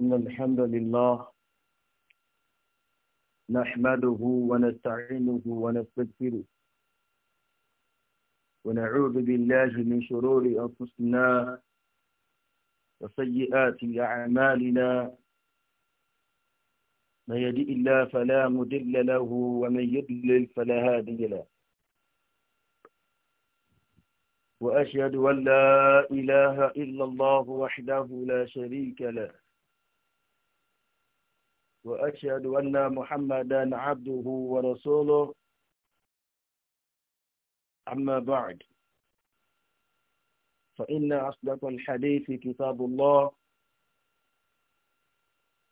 إن الحمد لله نحمده ونستعينه ونستغفره ونعوذ بالله من شرور أنفسنا وسيئات أعمالنا من يدئ الله فلا مدل له ومن يدلل فلا هادي له وأشهد أن لا إله إلا الله وحده لا شريك له وأشهد أن محمدا عبده ورسوله أما بعد فإن أصدق الحديث كتاب الله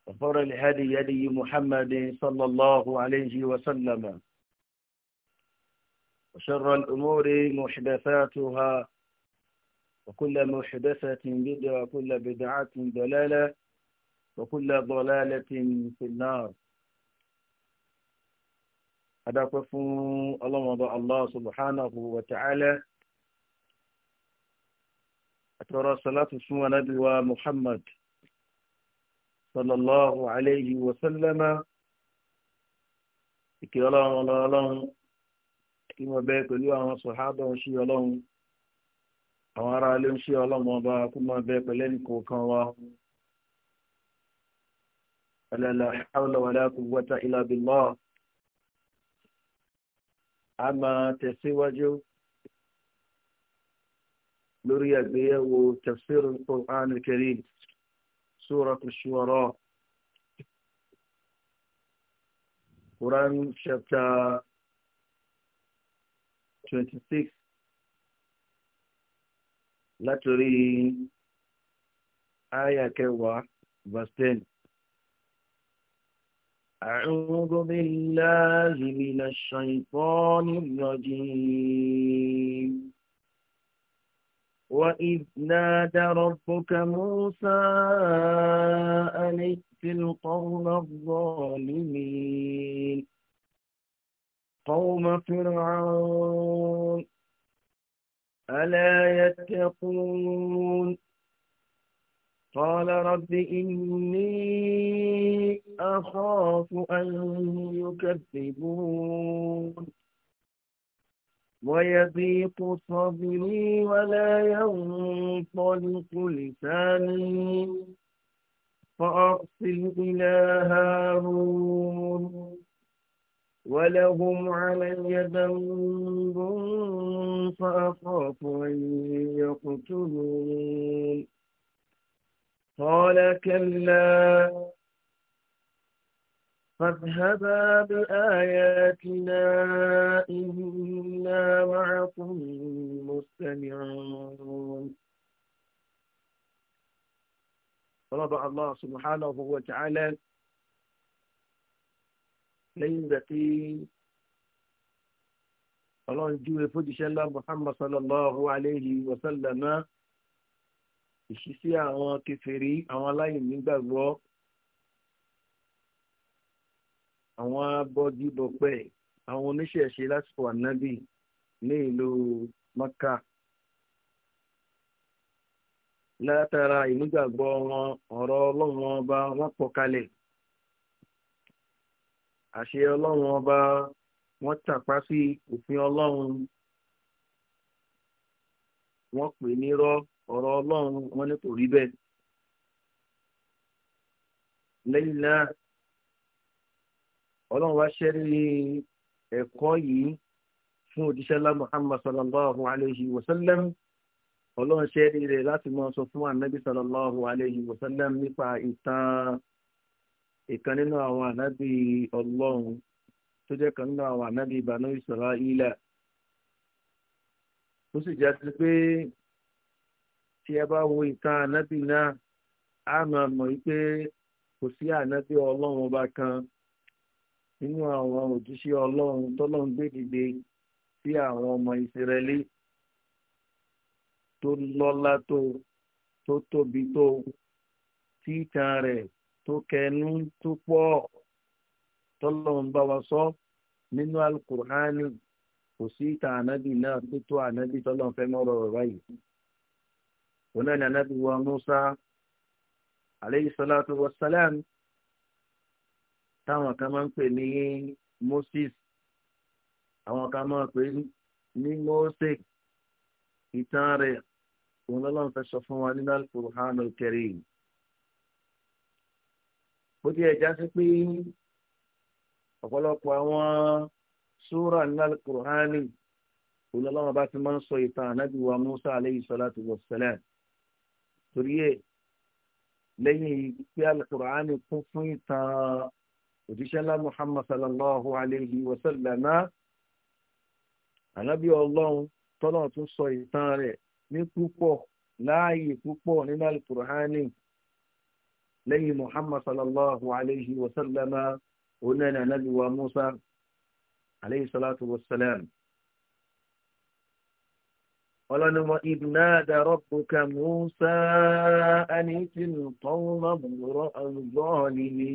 وفر الهدي يدي محمد صلى الله عليه وسلم وشر الأمور محدثاتها وكل محدثة بدعة وكل بدعة ضلالة وكل ضلالة في النار أدقف الله وضع الله سبحانه وتعالى أترى صلاة اسمه نبي محمد صلى الله عليه وسلم إكرام الله kí wọ́n bẹ pẹ̀lú àwọn sọ̀hábà ń ṣe ọlọ́run àwọn ará ilé ń ṣe ọlọ́run ọba kú máa bẹ pẹ̀lú ẹnì kọ̀ọ̀kan wa. la hawla wala quwwata illa billah a máa tẹ̀síwájú lórí àgbéyẹ̀wò tafsir al-Qur'an al-Karim Surat ash-Shu'ara Quran chapter twenty six látòrí àyà kẹwàá verse ten. أعوذ بالله من الشيطان الرجيم وإذ نادى ربك موسى أن ائت القوم الظالمين قوم فرعون ألا يتقون قال رب إني أخاف أن يكذبون ويضيق صدري ولا ينطلق لساني فأرسل إلى هارون ولهم علي ذنب فأخاف أن يقتلون قال كلا فاذهبا بآياتنا إنا معكم مستمعون رضى الله سبحانه وتعالى lẹ́yìn ìgbà tí ọlọ́run júwe fójíṣẹ́ ńlá muhammad sallallahu alayhi wa sallam ìṣísí àwọn kèfèrí àwọn aláìní gbàgbọ́ àwọn abọ́dìbọ̀pẹ̀ àwọn oníṣẹ̀ṣe lásìkò ànábì ní ìlú maka látara ìmúgbàgbọ́ wọn ọ̀rọ̀ ọlọ́run ọba wọn pọ̀ kalẹ̀ àṣẹ ọlọ́run ọba wọ́n tàpá sí òfin ọlọ́run wọ́n pè nírọ́ ọ̀rọ̀ ọlọ́run wọn ní kò rí bẹ́ẹ̀. lẹ́yìn náà ọlọ́run wá ṣẹ́rí ẹ̀kọ́ yìí fún òjíṣẹ́lá muhammad sallallahu alayhi wa sallam ọlọ́run ṣẹ́rí rẹ̀ láti máa sọ fún anabi sallallahu alayhi wa sallam nípa ìtàn ìkan nínú àwọn ànábì ọlọ́run tó jẹ́ kan nínú àwọn ànábì ìbànú Ísírẹ́lì ó sì já sí pé tí ẹ bá wo ìtàn ànábì náà á máa mọ̀ wípé kò sí ànábì ọlọ́run ọba kan nínú àwọn òjíṣẹ́ ọlọ́run tọ́lọ́run gbé sí àwọn ọmọ Ísírẹ́lì tó lọ́lá tó tó tóbi tó tí ìtàn rẹ̀ tó kẹnu tó pọ̀ tọ́lọ́run bá wa sọ nínú alukur'ani kò sí ìtàn ànábì náà tó tó ànábì tọ́lọ́run fẹ́ mọ́rọ̀ rẹ̀ báyìí. òun náà ni ànábì wa Musa aleyhi salatu wa salam táwọn kan máa ń pè ní Moses àwọn kan máa pè ní Mose ìtàn rẹ̀ òun lọ́lọ́run fẹ́ sọ fún wa nínú alukur'ani kẹrin bó ti ẹ̀ já sí pé ọ̀pọ̀lọpọ̀ àwọn súrà ní alukur'ani olùlọ́wọ́ bá ti máa ń sọ ìtàn ànábì wa Musa aleyhi salatu wa salam torí ẹ̀ lẹ́yìn pé alukur'ani kún fún ìtàn òjíṣẹ́ ńlá Muhammad sallallahu alayhi wa sallam ànábì ọlọ́run tọ́lọ́ tún sọ ìtàn rẹ̀ ní púpọ̀ láàyè púpọ̀ nínú alukur'ani lẹ́yìn muhammad sallallahu alayhi wa sallama onáni anabi wa musa alayhi salatu wa salam. ọlọ́nùmọ̀ ìdúnáàdà rọ́bùkà musa anìtìnú tọ́wọ́n mọ̀rọ̀ ọ̀gbọ́ọ̀lì ni.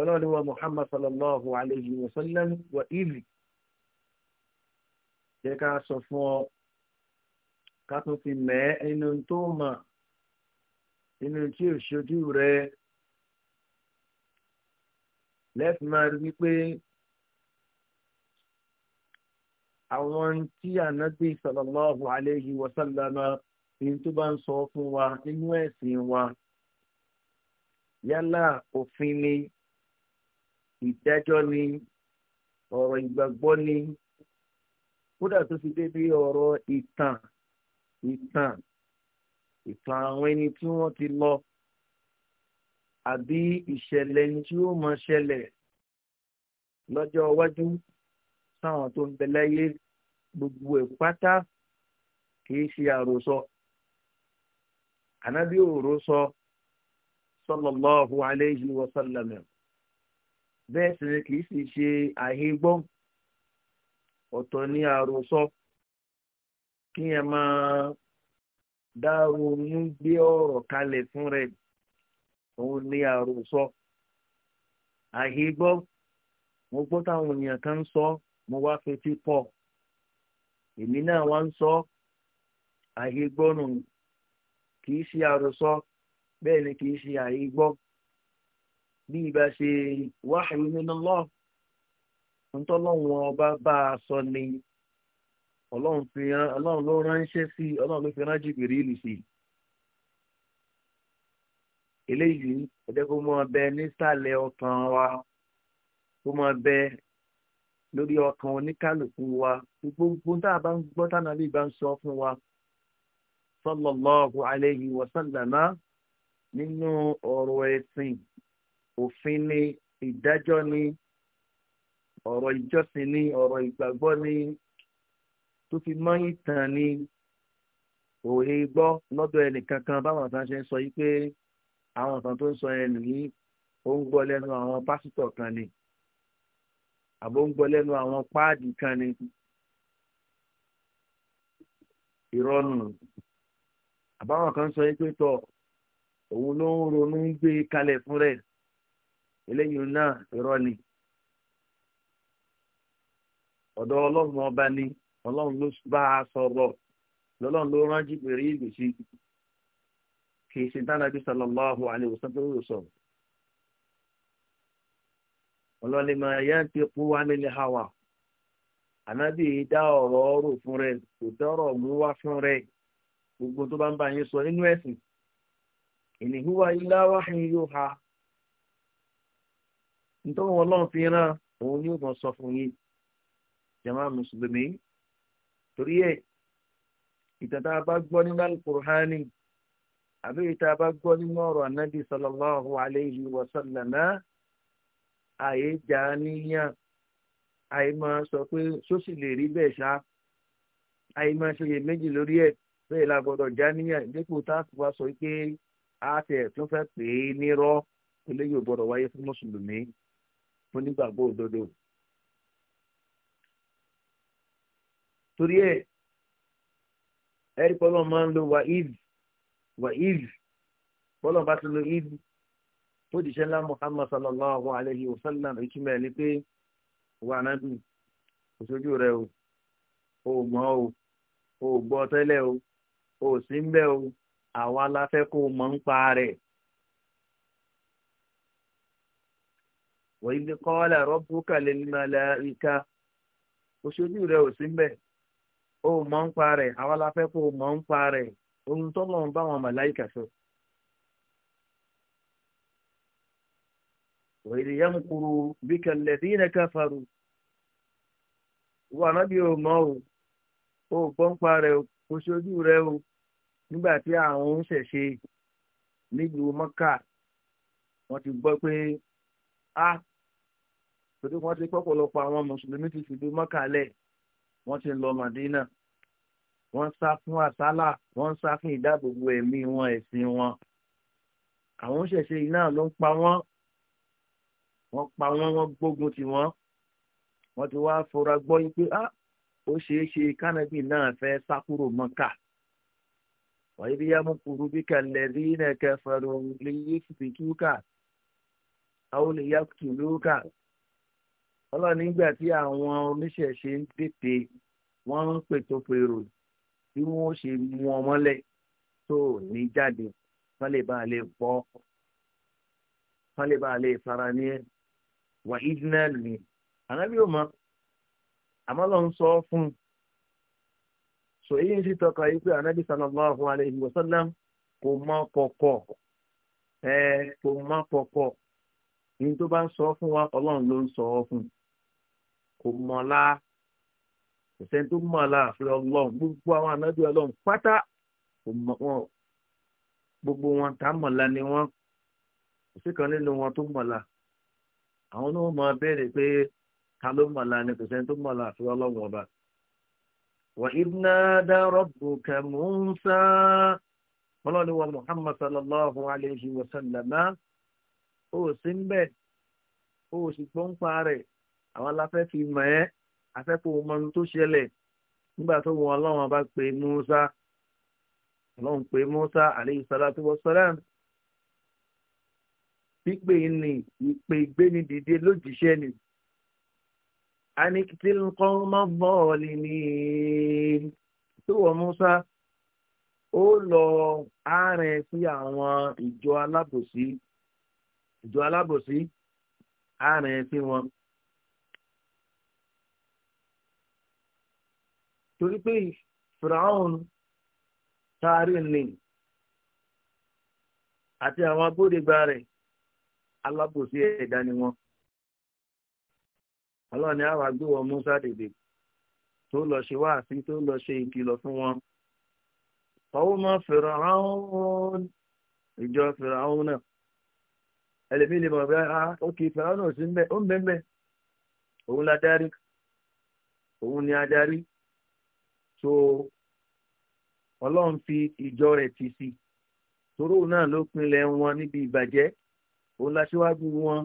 ọlọ́nùmọ̀ muhammad sallallahu alayhi wa sallam wa ibi jẹ́ ká sọ fún ọ ká tún fi mẹ́ ẹni tó mọ̀ nínú tí ò ṣojú rẹ lẹ́fì máa rí wípé àwọn tí ànábì sallallahu alayhi wa sallama ní tó bá ń sọ fún wa nínú ẹ̀sìn wa yálà òfin ni ìdájọ́ ni ọ̀rọ̀ ìgbàgbọ́ ni kódà tó fi débi ọ̀rọ̀ ìtàn ìtàn ìtàn àwọn ẹni tí wọ́n ti lọ àbí ìṣẹ̀lẹ̀ ẹni tí ó mọ ṣẹlẹ̀ lọ́jọ́ iwájú sáwọn tó ń bẹ láyé gbogbo ẹ̀ pátá kìí ṣe àròsọ ànábì òòró sọ sallallahu alayhi wa sallam bẹ́ẹ̀ sì ni kìí sì ṣe àhígbọ́n ọ̀tọ̀ ní àròsọ kí ẹ máa dá ronú gbé ọrọ kalẹ̀ fún rẹ̀ òun ní àròsọ àyè gbọ́ mo gbọ́ táwọn èèyàn kan ń sọ mo wá fetí pọ̀ èmi náà wá ń sọ àyè gbọ́ nù kì í ṣe ni kì ṣe àyè ọba bá a sọ ni ọlọ́run fi hàn ọlọ́run ló ránṣẹ́ sí ọlọ́run ló fi rán Jibril sí i eléyìí kó bẹ nísàlẹ̀ ọkàn wa kó bẹ lórí ọkàn oníkálukú wa gbogbo tá a bá ń gbọ́ tánà bá ń sọ fún wa nínú ọ̀rọ̀ ẹ̀sìn òfin ni ìdájọ́ ni ọ̀rọ̀ ìjọsìn ni ọ̀rọ̀ ni tó fi mọ́ ìtàn ni òye gbọ́ lọ́dọ̀ ẹnìkan kankan! báwọn kan ṣe ń sọ yìí pé àwọn kan tó ń sọ yẹn nìyí ó ń gbọ́ lẹ́nu kan ni àbó ń gbọ́ lẹ́nu àwọn kan ni ìrọ́nù àbáwọn kan sọ pé tọ òun ló ń ronú ń gbé kalẹ̀ fún rẹ̀ eléyìí ọba ni ọlọ́run ló bá a sọ̀rọ̀ lọ́lọ́run ló rán jìbìrì ìlú sí kì í ṣe dánábí sallallahu alaihi wasallam tó sọ̀rọ̀ ọlọ́ni máa yá ti kú wá nílé hawa ànábì dá ọ̀rọ̀ ọ̀rọ̀ fún rẹ kò dọ́rọ̀ mú wá fún rẹ gbogbo tó bá ń bá yín sọ nínú ẹ̀sìn in huwa illa wahyun yuha nítorí wọn lọ́n fi rán òun ni ó mọ̀ sọ fún yín jàmáà mùsùlùmí torí ẹ̀ ìtàn tá a bá gbọ́ nínú alukur'ani àbí ìtà bá gbọ́ nínú ọ̀rọ̀ ànábì sallallahu alayhi wa sallam àyè jà níyàn àyè máa sọ pé sósì lè rí bẹ́ẹ̀ ṣá àyè máa ṣe iye méjì lórí ẹ̀ bẹ́ẹ̀ la gbọ́dọ̀ já níyàn dípò táàkì wá sọ pé a ti ẹ̀tún fẹ́ pè é nírọ́ eléyìí ò gbọ́dọ̀ wáyé fún mùsùlùmí fún nígbàgbọ́ òdodo torí ẹ ẹrí pọlọ wa if wa if pọlọ bá ti lo if tó muhammad sallallahu alayhi wa sallam ìtumọ̀ ẹ̀ ni pé wà nábì kò sójú rẹ o ò mọ̀ o ò gbọ́ tẹ́lẹ̀ o ò sí ń bẹ́ o àwa la ó mọ̀ ń pa rẹ̀ àwa la fẹ́ kó o mọ̀ ń pa rẹ̀ ohun tó lọ́n bá wọn màláìkà sọ. وإذ يمكر بك الذين كفروا wà nábì ò mọ̀ o ò gbọ́n pa rẹ̀ o kò ṣojú rẹ̀ o nígbà tí àwọn ń ṣẹ̀ṣe nílùú mọ́kà wọ́n ti gbọ́ pé a torí wọ́n ti pọ́pọ̀lọpọ̀ àwọn mùsùlùmí ti fìlú mọ́kà lẹ̀ wọ́n ti lọ màdínà wọ́n sá fún àsálà wọ́n sá fún ìdáàbòbò ẹ̀mí wọn ẹ̀sìn wọn àwọn òṣèṣe iná ló ń pa wọ́n wọ́n pa wọ́n wọ́n gbógun tì wọ́n wọ́n ti wá fọra gbọ́ yín pé ah ó ṣeé ṣe kánẹ́bì náà fẹ́ sá kúrò mọ́kà wọ́n ibi yá mú kúrú bí kẹlẹ́ rí iná kẹfẹ́rọ lè yí fìtúkà àwọn lè yá kìlúkà ọlọ́ọ̀ni nígbà tí àwọn oníṣẹ̀ṣe ń tètè wọ́n ń pètò pèrò tí wọ́n ṣe mú ọmọ lẹ̀ tó ní jáde ale bọ́ fara ní ẹ̀ wà ìdínà lè ànábì ò mọ àmọ́ lọ́n sọ fún un sọ èyí ń sì tọ́ka yìí pé ànábì sallallahu alaihi wasallam kò mọ kọ̀kọ̀ ẹ̀ kò mọ kọ̀kọ̀ ní tó bá ń sọ fún wa ọlọ́run ló ń sọ fún un kò mọ̀ láà. kò sẹ́ni tó mọ̀ láàfin ọlọ́run gbogbo àwọn ànábì ọlọ́run pátá kò mọ̀ wọn gbogbo wọn tá mọ̀lá ni wọn kò kan nínú wọn tó mọ̀lá àwọn náà mọ̀ béèrè pé ta ló mọ̀lá ni kò tó mọ̀ láàfin ọlọ́run ọba. وإذ نادى ربك موسى ọlọ́ni wa Muhammad sallallahu alayhi wa sallam ó sì ń bẹ̀ ó sì gbọ́n pa afẹ́kọ̀ọ́ ọmọ tó ṣẹlẹ̀ nígbà tó wọn ọlọ́run bá pe Musa ọlọ́run pe Musa aleyhi salatu wa salam pípé ni ìpè ìgbéni dìde lójíṣẹ́ ni anikitil kan mọ́ bọ́ọ̀lì ni tó wọ Musa ó lọ àárín sí àwọn ìjọ alábòsí ìjọ alábòsí àárín sí wọn. torí pé fìràhùn taari ni àti àwọn agbódegba rẹ̀ alábòsí ẹ̀dá ni wọn ọlọ́ni àwọn agbéwọ̀ Musa dèdè tó lọ ṣe wáàsí tó lọ ṣe ìkìlọ̀ fún wọn ọwọ́ mọ́ fìràhùn ìjọ fìràhùn náà ẹlẹ́mí lè mọ̀ bẹ́ẹ̀ á ókè fìràhùn náà sí ń bẹ́ẹ̀ ó ń bẹ́ẹ̀ bẹ́ẹ̀ òun ni adarí so ọlọ́run fi ìjọ rẹ̀ ti sí toró náà ló pinlẹ̀ wọn níbi ìbàjẹ́ òun la ṣíwájú wọn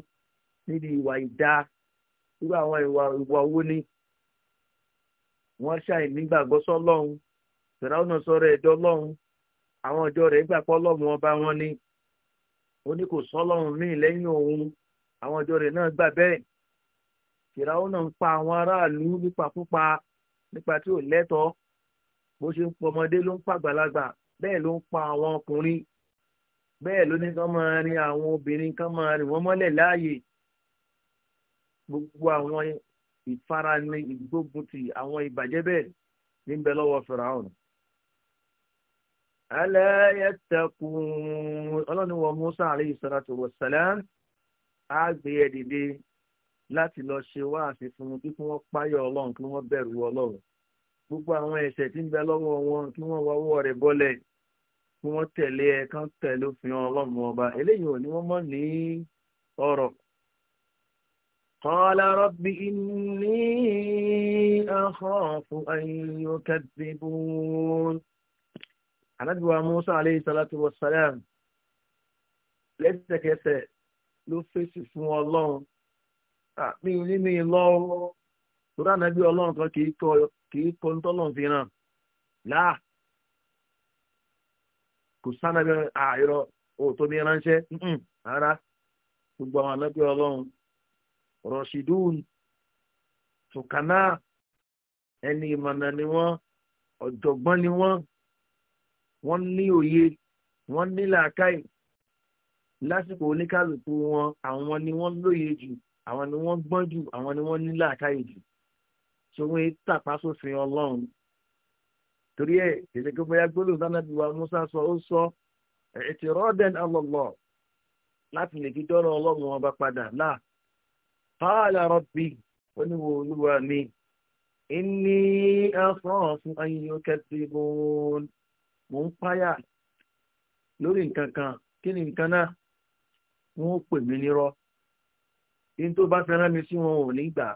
níbi ìwà ìdá irú àwọn ìwà ìwà owó ní wọ́n ṣàì nígbàgbọ́ sọ́lọ́run fẹ̀ráwọn náà sọ̀rọ̀ ẹ̀dọ́ lọ́run àwọn ìjọ rẹ̀ gbàgbọ́ lọ́run ọba wọn ni ó ní kò sọ́lọ́run míì lẹ́yìn òun àwọn ìjọ rẹ̀ náà gbà bẹ́ẹ̀ fẹ̀ráwọn náà ń pa àwọn aráàlú nípakúpa nípa tí ò lẹ́tọ̀ọ́ bó ṣe ń pọ ló ń pa àgbàlagbà bẹ́ẹ̀ ló ń pa àwọn ọkùnrin bẹ́ẹ̀ ló ní kán máa rin àwọn obìnrin kán máa rìn wọ́n mọ́lẹ̀ láàyè gbogbo àwọn ìfarani ìgbógunti àwọn ìbàjẹ́ bẹ́ẹ̀ níbẹ̀ lọ́wọ́ fìràhùn. aláyàtàkùn ọlọ́niwọ̀ musa alayhi salatu wa salam á gbé ẹ e dìde láti lọ ṣe wáàsí fún kí wọ́n páyọ̀ ọlọ́run kí wọ́n bẹ̀rù ọlọ́run gbogbo àwọn ẹ̀ṣẹ̀ tí ń bẹ lọ́wọ́ wọn kí wọ́n wá ọwọ́ rẹ̀ bọ́lẹ̀ kí wọ́n tẹ̀lé ẹ kán tẹ̀lé òfin ọlọ́run ọba eléyìí ò ní wọ́n mọ̀ ní ọ̀rọ̀. قال رب إني أخاف أن يكذبون Ànábì wa Musa alayhi salatu wa salam lẹ́sẹ̀kẹsẹ̀ ló fèsì fún Ọlọ́run àmì ní mi lọ́wọ́ tó ránà kì í kó ntọ́lọ́ fi hàn láà kò sánàbí àìrọ òótọ́ mi ránṣẹ́ rárá gbogbo àwọn anábì ọlọ́run rọ̀ṣídùn tùkánà ẹni ìmọ̀nà ni wọ́n ọ̀jọ̀gbọ́n ni wọ́n wọ́n ní òye wọ́n ní làákàyè lásìkò oníkàlùkù wọn àwọn ni wọ́n lóye jù àwọn ni wọ́n gbọ́n jù àwọn ni wọ́n ní làákàyè jù sòwò tàpá sófin ọlọ́run torí ẹ̀ kìí ṣe kí bóyá gbólóhùn sanabi wa musa sọ ó sọ ètò rọ́ọ̀dẹ̀n alọ́lọ́ láti lè fi dọ́rọ̀ ọlọ́run wọn bá padà náà fáàlà rọ́bì oníwò olúwa mi ìní afọ́ọ̀fún ayíyó kẹ́tìbọ́n mò ń páyà lórí nǹkan kan kí ni nǹkan náà wọ́n pè mí nírọ́ kí n tó bá fẹ́ràn mi sí wọn ò ní gbà á.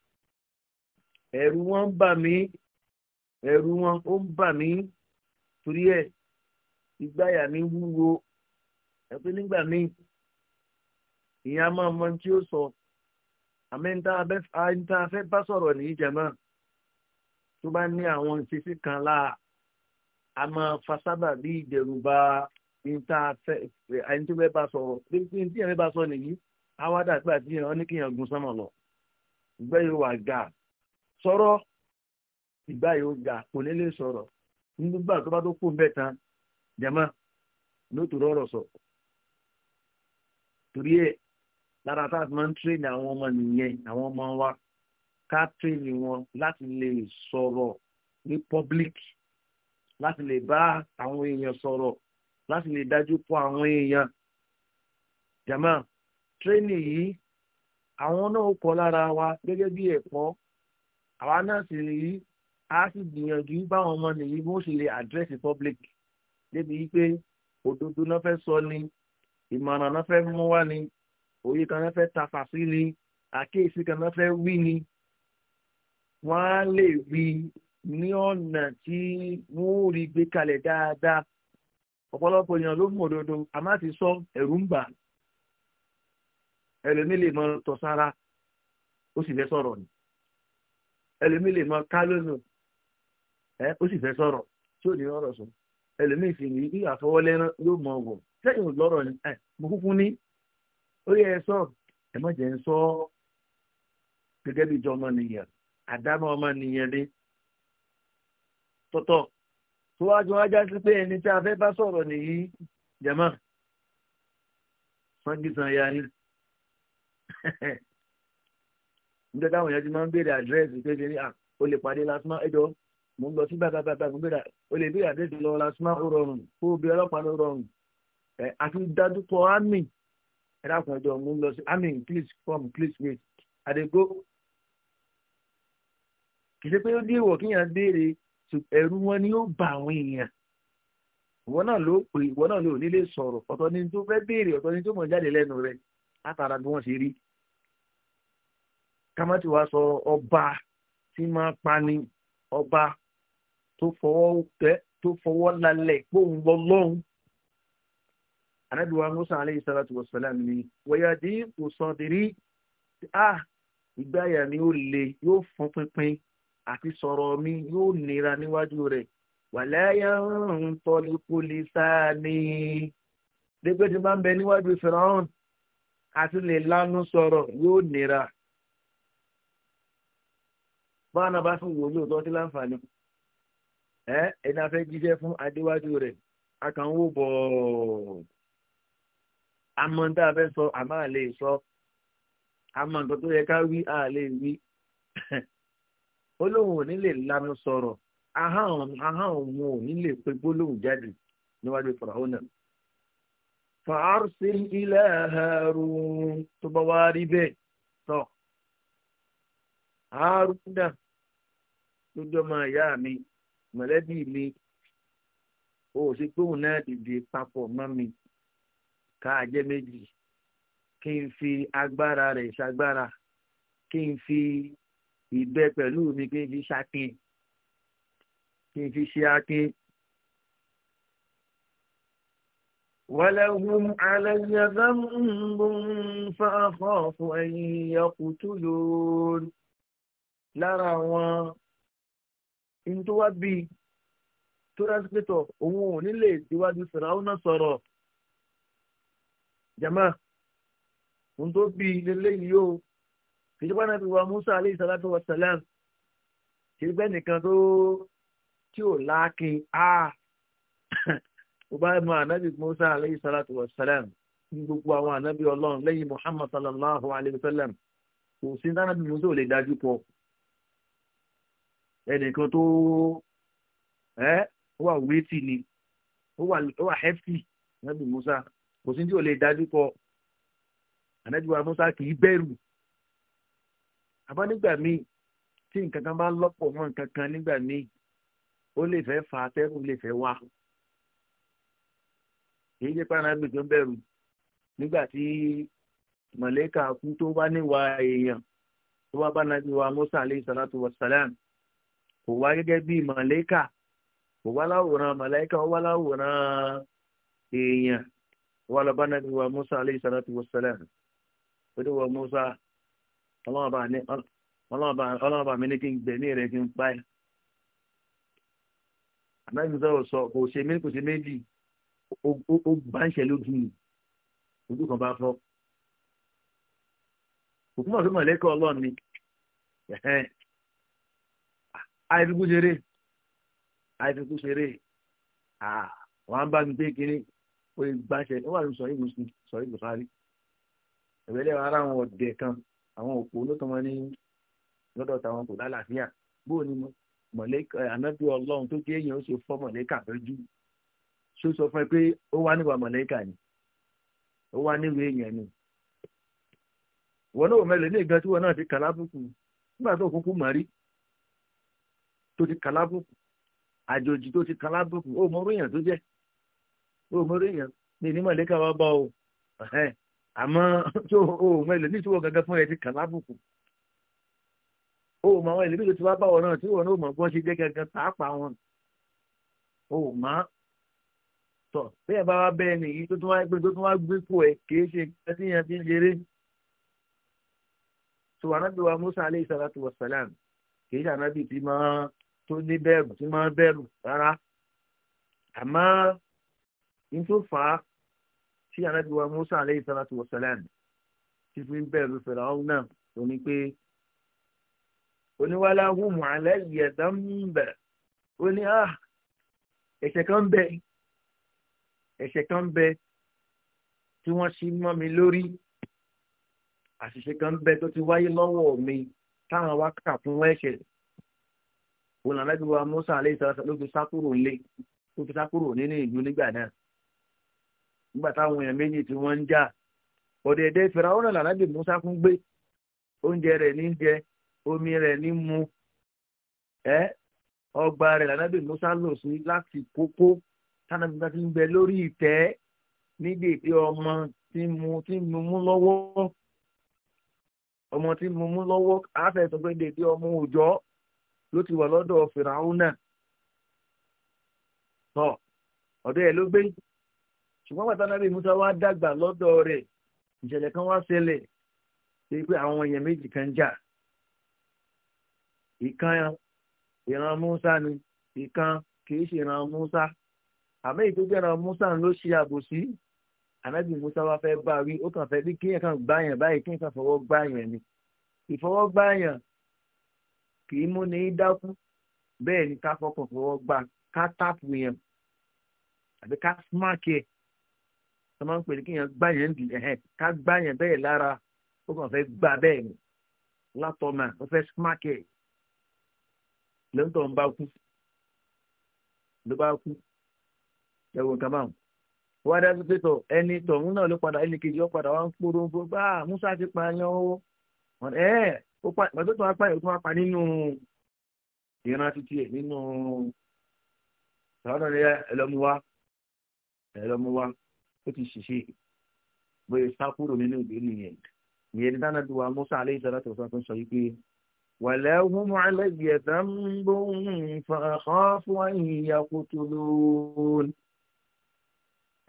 ẹ̀rù wọn ń bà mí ẹ̀rù wọn ó ń bà mí torí ẹ̀ ìgbáyà mi wúwo ẹ pé nígbà míì ìyá máa mọ tí ó sọ àmẹ́ńtà afẹ́ bá sọ̀rọ̀ nìyí jẹ̀mọ́ tó bá ní àwọn ìṣesí kan láà a máa fa sábà bí ìdẹ̀rùba níta ẹni tó bá sọ̀rọ̀ bí tí bá sọ nìyí á wá tí ẹni wọn ní kéèyàn gun sánmọ̀ lọ ìgbẹ́ yóò wà ga sọ̀rọ̀ ìgbà yóò ga kò ní lè sọ̀rọ̀ nígbà tó bá tó kú bẹ́ẹ̀ tán jẹ̀mọ́ ló tó rọrọ̀ sọ. torí ẹ̀ lára tá a ti máa ń tírèèni àwọn ọmọ nìyẹn àwọn ọmọ wa ká tírèèni wọn láti lè sọ̀rọ̀ ní public láti lè bá àwọn èèyàn sọ̀rọ̀ láti lè dájú pọ̀ àwọn èèyàn jẹ̀mọ́ tírèèni yìí àwọn náà kọ́ lára wa gẹ́gẹ́ bí ẹ̀kọ́ àwa náà sì rí a sì gbìyànjú báwọn ọmọ nìyí bó ṣe lè àdírẹ́sì public débi wípé òdodo náà fẹ́ sọ ni ìmọ̀ràn náà fẹ́ mú wá ni òye kan náà fẹ́ tafà sí ni àkíyèsí kan náà fẹ́ wí ni wọ́n á lè wí ní ọ̀nà tí wọ́n ó rí gbé kalẹ̀ dáadáa ọ̀pọ̀lọpọ̀ èèyàn ló mọ̀ òdodo àmọ́ àti sọ ẹ̀rù ń bà ẹlòmíì lè mọ tọ̀sára ó sì fẹ́ sọ̀rọ̀ ni ẹlòmí lè máa ká lónìí ẹ ó sì fẹ́ sọ̀rọ̀ tí ò ní ọ̀rọ̀ sọ ẹlòmí sì ní bí àfọwọ́lẹ́rán yóò mọ wọ̀ sẹ́yìn ò ni ẹ mo kúkú ní ó yẹ ẹ sọ ẹ má jẹ́ ń sọ gẹ́gẹ́ bí ìjọ ọmọnìyàn àdámọ́ ọmọnìyàn rí tọ̀tọ̀ tó wájú wájá sí pé ẹni tí a fẹ́ bá sọ̀rọ̀ nìyí jẹ̀mọ́ sangisan ya ni níjọ́ táwọn èèyàn ti máa ń béèrè àdírẹ́sì pé kí ni à ó lè pàdé lásìmá ẹjọ́ mò ń lọ sí bàbá bàbá mo béèrè ó lè béèrè àdírẹ́sì lọ lásìmá ó rọrùn kó o bí ọlọ́pàá ló rọrùn ẹ àti dájúkọ àmì ẹ dákun ẹjọ́ mo ń lọ sí àmì please come please wait àdégó kì í ṣe pé ó dé ìwọ̀ kíyàn béèrè ẹ̀rù wọn ni ó bà àwọn èèyàn ìwọ náà ló pè ìwọ náà ló nílé sọ̀rọ̀ ọ̀tọ̀ ni tó fẹ́ béèrè ọ̀tọ̀ ni tó mọ̀ jáde lẹ́nu rẹ̀ látara bí wọ́n ṣe rí kámátì wá sọ ọba tí máa pani ọba tó fọwọ́ tẹ tó fọwọ́ lálẹ̀ gbóhùn lọ anábìwá musa aleyhi salatu wa salam ni wọ́yàdí kò sàn dérí ah ìgbáyà mi ó le yóò fún pínpín àti sọ̀rọ̀ mi yóò nira níwájú rẹ̀ wàláyà ń tọ́lé kólé sáà ni dépẹ́ tí bá ń bẹ níwájú fìràn àti lè lánú sọ̀rọ̀ yóò nira báwọn náà bá sì wò lóòótọ́ sí láǹfààní ẹ ẹni afẹ́ jíṣẹ́ fún adéwájú rẹ̀ akànwó bọ̀ àmọ́ tá a fẹ́ sọ àmọ́ à lè sọ àmọ́ nǹkan tó yẹ ká wí à lè wí olóhùn ò ní lè lanu sọ̀rọ̀ ahọ́n òun ò ní lè pe gbólóhùn jáde níwájú fàràhó náà. fàárùsìn ilẹ̀ Harun tó bá wá rí bẹ́ẹ̀ tọ́ Harun náà lójọ́ máa yá mi mọ̀lẹ́bí mi o ò ṣe gbóhùn náà dìde papọ̀ mọ́ mi ká a jẹ́ méjì kí n fi agbára rẹ̀ ṣagbára kí n fi ìbẹ pẹ̀lú mi kí n fi ṣakin kí n fi ṣe akin. ولهم علي ذنب فأخاف أن يقتلون lára ní tó wá bí tó rásí pé tọ̀ òun ò ní lè díwájú fìràwọ́nà sọ̀rọ̀ jama òun tó bí lélẹ́yìí yóò kìjọba náà fi wá Musa aleyhi salatu wa salam kìjọba nìkan tó tí ò láàkín a ó bá mọ ànábì Musa aleyhi salatu wa salam ní gbogbo àwọn ànábì Ọlọ́run lẹ́yìn Muhammad sallallahu alayhi wa sallam kò sí ní ànábì Musa ò lè dájú pọ̀ ẹnìkan tó ẹ ó wà wéètì ni ó wà ó wà hẹ́fì nàbì Musa kò sí tí ò lè dájú kọ ànábìwá Musa kì í bẹ̀rù àbá nígbà míì tí nǹkan kan bá lọ́pọ̀ mọ́ nǹkan kan nígbà míì ó lè fẹ́ fà atẹ́gùn lè fẹ́ wá èyí jẹ́ pàrọ̀ àgbègbè ń bẹ̀rù nígbà tí mọ̀lẹ́kà kú tó bá níwà èèyàn tó wá bá nàbí wa Musa aleyhi salatu wa salam kò wá gẹ́gẹ́ bí màlẹ́kà kò wá láwòrán màlẹ́kà ó wá láwòrán èèyàn wà lọ́ba náà bí wa Musa aleyhi salatu wa salam ó dé wa Musa ọlọ́mọba mi ní kí n gbẹ̀mí rẹ̀ kí n pa ẹ̀ àbájú sọ̀rọ̀ sọ kò ṣe méjì kò ṣe méjì ó bá ń ṣe lójú mi ojú kan bá fọ́ òkú mọ̀ sí mọ̀lẹ́kà ọlọ́ọ̀ni àìfikún ṣeré àìfikún ṣeré wọn bá mi gbé kínní ó lè gbàṣẹ ó wà ní sọ ìlú sí sọ ìlú sáré ìrẹ̀lẹ̀ ara àwọn ọdẹ kan àwọn òpó lótọ́ wọn ní lọ́dọ̀ táwọn kò lálàáfíà bóò ni mọ̀lẹ́kà ànábì ọlọ́run tó jẹ́ èèyàn ó ṣe fọ́ mọ̀lẹ́kà lójú ṣó sọ fún ẹ pé ó wá níwà mọ̀lẹ́kà ni ó wá níwèé èèyàn ni wọn náà mẹ́lẹ̀ ní ìgbà tí wọn náà ti kà nígbà tó kúkú mọ̀ tó ti kàn lábùkù àjòjì tó ti kàn lábùkù ó mọ orí èèyàn tó jẹ́ ó mọ orí èèyàn ní ìnímọ̀lẹ́kà wa bá o àmọ́ tó o mọ ẹlòmí tí wọ́n gangan fún ẹ ti kàn lábùkù o mọ àwọn ẹlòmí tó ti wá bá wọn náà tí wọn náà mọ̀ bọ́n ṣe jẹ́ gangan pàápàá wọn o mọ̀ tọ̀ bẹ́ẹ̀ bá wá bẹ́ẹ̀ nìyí tó tún wá gbé tó tún wá gbé kú ẹ kì ṣe nǹkan tí yẹn fi ń ṣeré so anabi wa musa aleyhi salatu wa salam kì í ṣe anabi tí máa tó ní bẹ̀rù tí máa bẹ̀rù rárá àmọ́ ní tó fà á tí anábì wa Musa aleyhi salatu wa salam ti fi ń bẹ̀rù fẹ̀rẹ̀ ọ̀hún náà tó ní pé oníwàlá hùmù alẹ́ yẹ̀dá ń bẹ̀ ó ní à ah, ẹ̀ṣẹ̀ kan bẹ ẹ̀ṣẹ̀ kan bẹ tí wọ́n ṣì mọ́ mi lórí àṣìṣe kan bẹ tó ti wáyé lọ́wọ́ mi táwọn wá kà fún ẹ̀ṣẹ̀ rẹ̀. wọn lànà bí wa musa alẹ́ ìsàlẹ̀ ló fi sá kúrò nílé ló fi sá kúrò nínú ìlú nígbà náà nígbà táwọn èèyàn méjì tí wọ́n jà lànà bí musa fún gbé oúnjẹ rẹ̀ ní omi rẹ̀ ní mu ọgbà rẹ̀ lànà musa lò sí láti kókó tánà bí musa ti ń bẹ lórí ọmọ tí mu tí mu mú ọmọ tí mu mú ló ti wà lọ́dọ̀ fìràhún náà tọ ọ̀dọ̀ ẹ̀ ló gbé ṣùgbọ́n pàtàkì musa wá dàgbà lọ́dọ̀ rẹ̀ ìṣẹ̀lẹ̀ kan wá ṣẹlẹ̀ ṣe pé àwọn èèyàn méjì kan jà ìkan ìran musa ni ìkan kìí ṣe ìran musa àmọ́ ìtọ́jú ìran musa ló ṣe àbòsí ànábì musa wá fẹ́ bá wí ó kàn fẹ́ bí kíyàn kan gbá báyìí kíyàn kan fọwọ́ gbá ni ìfọwọ́ gbá kì í múni dákú bẹ́ẹ̀ ni ká fọkàn fọwọ́ gbà ká táàpù yẹn àbí ká smack yẹn tó máa ń pè ní kí yẹn gbá yẹn dì ẹ̀hẹ́n ká gbá yẹn bẹ́ẹ̀ lára ó kàn fẹ́ gbà bẹ́ẹ̀ ni látọ̀mà ó fẹ́ smack yẹn lóńtọ̀ ń bá kú ló bá kú ẹ̀wọ̀n kan wọ́n á dájú ẹni tọ̀hún náà ló padà ẹnì kejì ó padà wá ń kúrò ń fò bá Musa ti pààyàn o ẹ̀ ìgbà tó tún apá yẹn tún apá nínú ìran títí ẹ̀ nínú ìrànlọ́rọ̀ rẹ ẹlọ́múwá ẹlọ́múwá ó ti ṣèṣe bóyá sá kúrò nínú ìgbéni yẹn ìyẹn ní dáná tó wa Musa alẹ́ ìsọ̀rọ̀ tó sọ sọ yìí pé wàlẹ́hùn alẹ́bí ẹ̀dá ń bọ̀ fàáhán fún àyìnyá kó lóun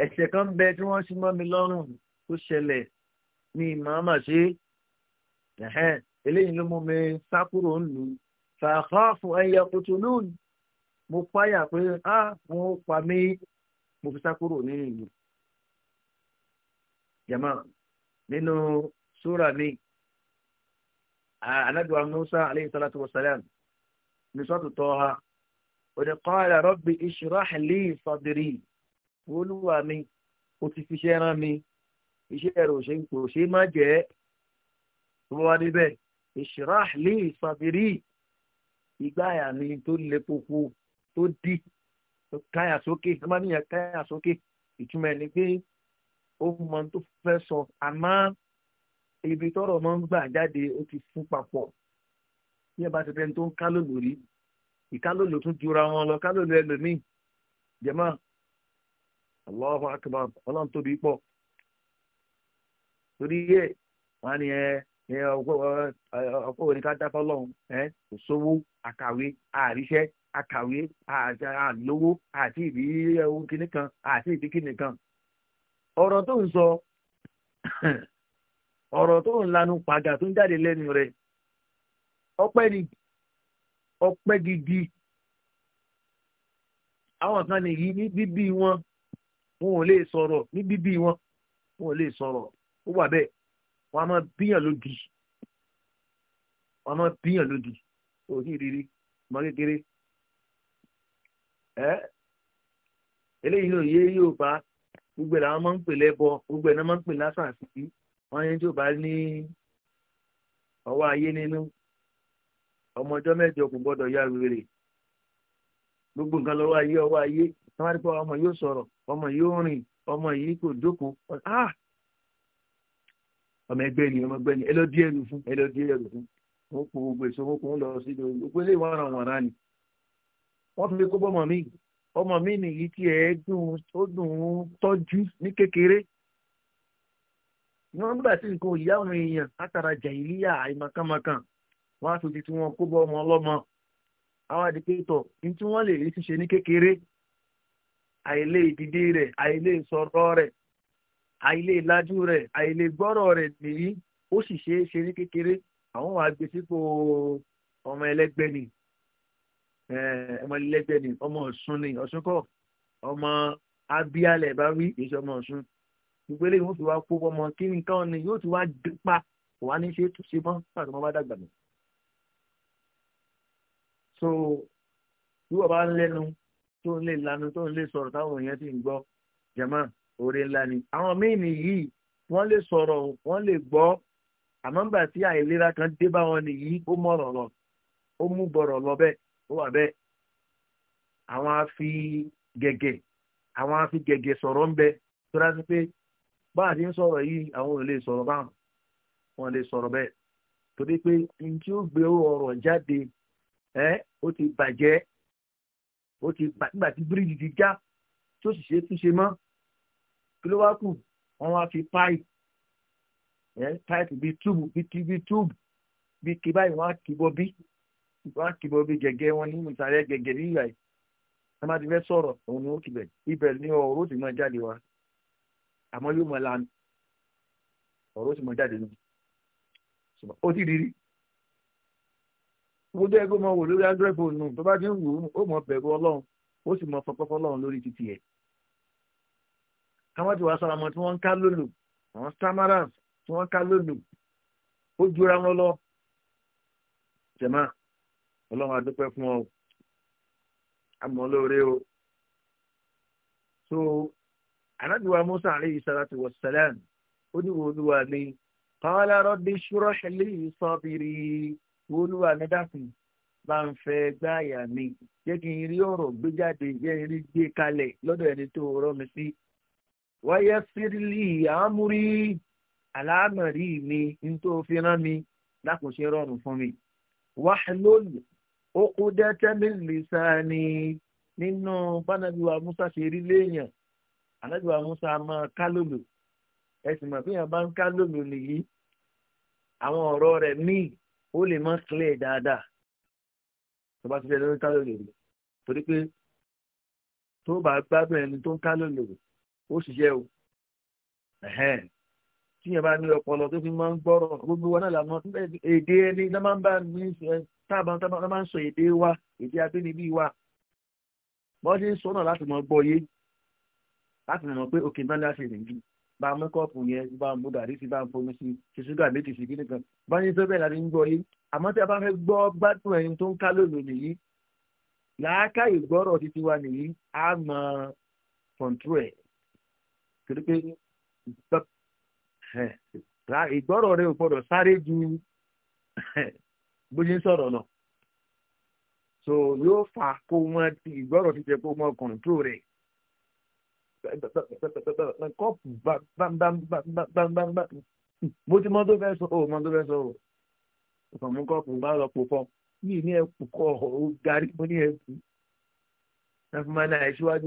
ẹ̀ṣẹ̀ kan bẹ tí wọ́n sì mọ́ mi lọ́rùn tó ṣẹlẹ̀ ní ìmọ̀ àmàṣe eléyìí ló mú mi sá kúrò ń lù fàáfù ẹyẹ kùtù lónìí mo páyà pé á wọn ó pa mí mo fi sá kúrò ní ìlú. jama nínú súra mi anabi wa musa aleyhi salatu wa salam ní sọ́tù tọ́ ha ó ní qala rabbi ishrah li olúwa mi ó ti fi ṣẹ́ mi iṣẹ́ rẹ̀ ò ṣe má jẹ́ tó bá wá débẹ̀ ìṣirah lè ìfàbírí ìgbáyà ni tó le popo tó dì káyà sókè ẹ má níyàn káyà sókè ìtumọ̀ ẹni pé ó mọ tó fẹ́ sọ àmọ́ ibi tọrọ máa ń gbà jáde ó ti fún papọ̀ bí ẹ bá ti fẹ́ni tó ń kálòlò rí ìkálòlò tún jura wọn lọ kálòlò ẹlòmíì jẹ̀mọ́ Allahu akbar ọlọ́run tóbi pọ̀ torí yẹ wọ́n á ní ẹ ọkọ òní ká dáfọ́ lọ́hùn ẹ kò sówó àkàwé àríṣẹ́ àkàwé àlówó àti ìbí ohun kìíní kan àti ìbí kìíní kan ọ̀rọ̀ tó ń sọ ọ̀rọ̀ tó ń lanu pàgà tó ń jáde lẹ́nu rẹ̀ ọpẹ́ ni ọpẹ́ gidi àwọn kan nìyí ní bíbí wọn wọn ò lè sọ̀rọ̀ ní bíbí wọn wọn ò lè sọ̀rọ̀ ó wà bẹ́ẹ̀ wọ́n á máa bíyàn lódì wọ́n á máa bíyàn di òní ìrírí ọmọ kékeré ẹ eléyìí náà yé yóò bá gbogbo ẹ̀ làwọn máa ń pè lẹ́bọ gbogbo ẹ̀ náà máa ń pè lásán àti wọ́n yẹn tí bá ní ọwọ́ ayé nínú ọmọ ọjọ́ mẹ́jọ kò gbogbo nǹkan lọ́wọ́ ayé ọwọ́ ayé wọ́n á rí pé ọmọ yóò sọ̀rọ̀ ọmọ yóò rìn ah ọmọ ẹgbẹ́ ni ọmọ ẹgbẹ́ ni elu lọ díẹ̀ fún ẹ lọ díẹ̀ fún wọn kò gbogbo èso wọn kò ń lọ ilé ara wọn rà ni fi kó mi ọmọ mi nìyí tí ẹ dùn ó dùn ún tọ́jú ní kékeré wọn nígbà tí nǹkan òyìnbá àwọn èèyàn látara jàìlíyà ọmọ ní tí lè àìlè lajú rẹ̀ àìlè gbọ́rọ̀ rẹ̀ nìyí ó sì ṣe é ṣe ní kékeré àwọn wàá gbé sípò ọmọ ẹlẹ́gbẹ́ ni ọmọ ẹlẹ́gbẹ́ ni ọmọ ọ̀ṣun ni ọ̀ṣun kọ́ ọmọ abíálẹ̀ bá wí èso ọmọ ọ̀ṣun gbogbo eléyìí wọ́n fi wá kó ọmọ kí nǹkan ni yóò ti wá dípa kò wá ní ṣe tó ṣe mọ́ pàtó wọn bá dàgbà mọ́. so bí wọ́n bá ń lẹ́nu tó ń lè lanu tó ń lè sọ̀rọ̀ táwọn èèyàn ti ń gbọ́ jẹ̀mọ́ orí ńlá ni àwọn míì nìyí wọ́n lè sọ̀rọ̀ wọ́n lè gbọ́ àmọ́ nígbà tí àìlera kan dé bá wọn nìyí ó mọ̀rọ̀ lọ ó mú gbọ̀rọ̀ lọ bẹ́ẹ̀ ó wà bẹ́ẹ̀ àwọn afi gẹ̀gẹ̀ àwọn afi gẹ̀gẹ̀ sọ̀rọ̀ ń bẹ tó dá sí pé bá àti ń sọ̀rọ̀ yìí àwọn ò lè sọ̀rọ̀ báwọn wọn lè sọ̀rọ̀ bẹ́ẹ̀ torí pé n tí ó gbé ọ̀rọ̀ jáde ẹ ó ti bàjẹ́ ó ti nígbà tí bíríìjì ti já tó sì ṣe túnṣe mọ́ kí ló wá kù wọ́n wá fi pipe pipe bíi túbù bíi túbù bíi kí báyìí wọ́n á kí bọ́ bí wọ́n á kí bọ́ wọn ní ìsàlẹ̀ gẹ́gẹ́ ní ìyá yìí ẹ má ti fẹ́ sọ̀rọ̀ òun ni ó ti bẹ̀ ibẹ̀ ni ọ̀rọ̀ ti máa jáde wá àmọ́ yóò máa lanu ọ̀rọ̀ ti máa jáde nù ó ti rírí gbogbo ẹgbẹ́ ọmọ wò lórí android phone nù tó bá ti ń wò ó mọ̀ bẹ̀rù ọlọ́run ó sì mọ̀ fọpọ́fọ́ ọlọ́run lórí titi ẹ̀ káwọn ti wá sọ àwọn tí wọ́n ń ká lòlò àwọn stamarans tí wọ́n ká lòlò ó jura wọn lọ jẹ̀mọ́ ọlọ́run adúpẹ́ fún ọ àmọ́ lóore o so anábìwá musa àríyí sàlátì wọ sàlám ó ní olúwa ni kọ́lá rọ́bì ṣúrọ́ṣẹ́lì sọ́bìrì olúwa ní dákun bá ń fẹ́ gbáyà mi jẹ́ kí n rí ọ̀rọ̀ gbé jáde jẹ́ n rí gbé kalẹ̀ lọ́dọ̀ ẹni tó rọ́ mi sí wáyé sírílì àmúrí aláàmọ̀rí mi ní tó fi rán mi lákòóṣe rọrùn fún mi. wahlul uqdatan min lisani nínú bánabiwa musa ṣe rí léèyàn alábìwa musa máa kálòlò ẹsìn mọ̀ fíyàn bá ń kálòlò nìyí àwọn ọ̀rọ̀ rẹ̀ míì ó lè má clear dáadáa tó bá ti fẹ́ lórí kálòlò rẹ̀ torí pé tó bá gbádùn ẹni tó ń kálòlò rẹ̀ ó ṣiṣẹ́ o tí yẹn bá ní ọpọlọ tó fi máa ń gbọ́rọ̀ gbogbo wa náà làmọ́ èdè ẹni náà máa ń bá mi tábà náà máa ń sọ èdè wa èdè abínibí wa bọ́n ṣe ń sọ náà láti mọ gbọ́ yé láti mọ̀ pé òkè náà láti rìn jù bá mú kọ́ọ̀pù yẹn bá mú gàrí sí bá ń fomi sí ṣe ṣúgà méjì sí kíni kan bá ní sọ bẹ́ẹ̀ láti ń gbọ́ yé àmọ́ tí a bá fẹ́ gbọ́ gbádùn ẹni tó ń ká lónìí nìyí làákàyè gbọ́rọ̀ títí wa nìyí á mọ kọ̀ǹtúrẹ̀ torí pé ìgbọ́rọ̀ rẹ ò gbọ́dọ̀ sáré ju bó ń sọ̀rọ̀ lọ so yóò fà kó wọn ìgbọ́rọ̀ ti jẹ kó wọn kọ̀ǹtró rẹ̀ kọ́ọ̀pù bámbámbámbámbá mo ti mọ tó fẹ́ sọ o mọ tó fẹ́ sọ o ọkàn mú kọ́ọ̀pù bá lọ pò fọ́ yìí ní ẹ̀kú kọ́ ọ garí mo ní ẹ̀kú náà fún mi náà ẹ̀ síwájú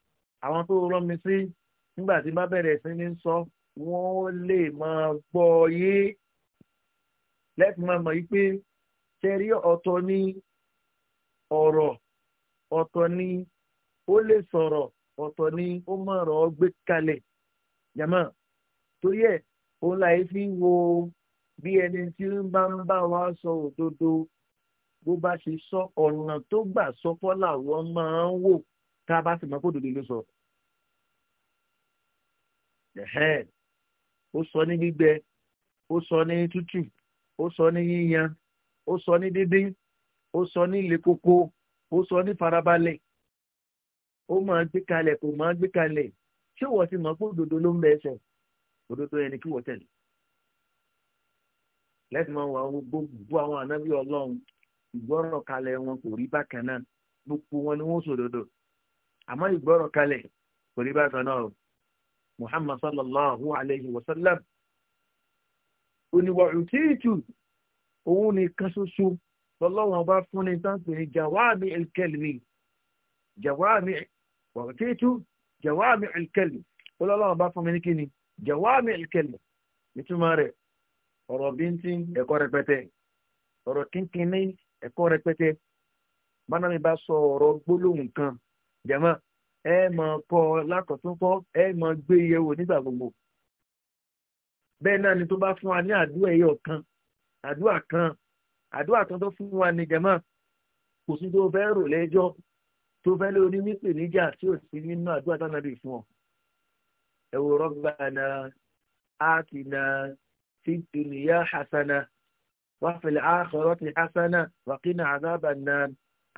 àwọn tó rán mi sí nígbà tí bá bẹ̀rẹ̀ sí ní sọ wọ́n lè máa gbọ́ yé lẹ́tùn máa mọ̀ yí pé ṣẹ́rí ọ̀tọ̀ ni ọ̀rọ̀ ọ̀tọ̀ ni ó lè sọ̀rọ̀ ọ̀tọ̀ ni ó mọ̀rọ̀ gbé kalẹ̀ yàmọ́ torí ẹ̀ òun là fi wo bí ẹni tí ń bá ń bá wa sọ òdodo bó bá ṣe sọ ọ̀nà tó gbà sọ fọ́là wọ́n máa ń wò tá a bá sì mọ̀ kó òdodo ló sọ̀rọ̀ ẹ̀hẹ́n ó sọ ní gbígbẹ ó sọ ní tútù ó sọ ní yíyan ó sọ ní dídín ó sọ ní ilé ó sọ ní ó máa gbé kò máa gbé ṣé ti pé òdodo ló ń bẹ òdodo yẹn ni kí wà gbogbo àwọn ànábì ọlọ́run ìgbọ́rọ̀ kalẹ̀ wọn kò ni wọ́n àmọ́ ìgbọ́rọ̀ kalẹ̀ kò rí bákan náà o muhammad sallallahu alayhi wa sallam oníwà òtíìtù òun nìkan ṣoṣo lọ́lọ́wọ́n bá fún ní sáńpẹ̀ jawami alkalmi jawami òtíìtù jawami alkalmi lọ́lọ́wọ́n bá fún mi ní kíni jawami alkalmi ìtumọ̀ rẹ̀ ọ̀rọ̀ bíntín ẹ̀kọ́ rẹpẹtẹ ọ̀rọ̀ kínkínní ẹ̀kọ́ rẹpẹtẹ bánàmí bá sọ ọ̀rọ̀ gbólóhùn kan jẹ̀mọ́ ẹ máa kọ́ lákọ̀túnkọ́ ẹ máa gbé yẹ̀wò nígbà gbogbo bẹ́ẹ̀ náà ni tó bá fún wa ní àdúrà ẹ̀yọ̀ kan àdúrà kan àdúrà kan tó fún wa ní jẹ̀mọ́ kò sí tó fẹ́ rò lẹ́jọ́ tó fẹ́ lé onímípè níjà tí ò sí nínú àdúrà tó nàbì fún ọ ẹ wò rọ́gbà náà áàtìnà fìdùnìyà hasana wàá fẹlẹ̀ àkọ́rọ́ ti hasana wàkínà àdábà náà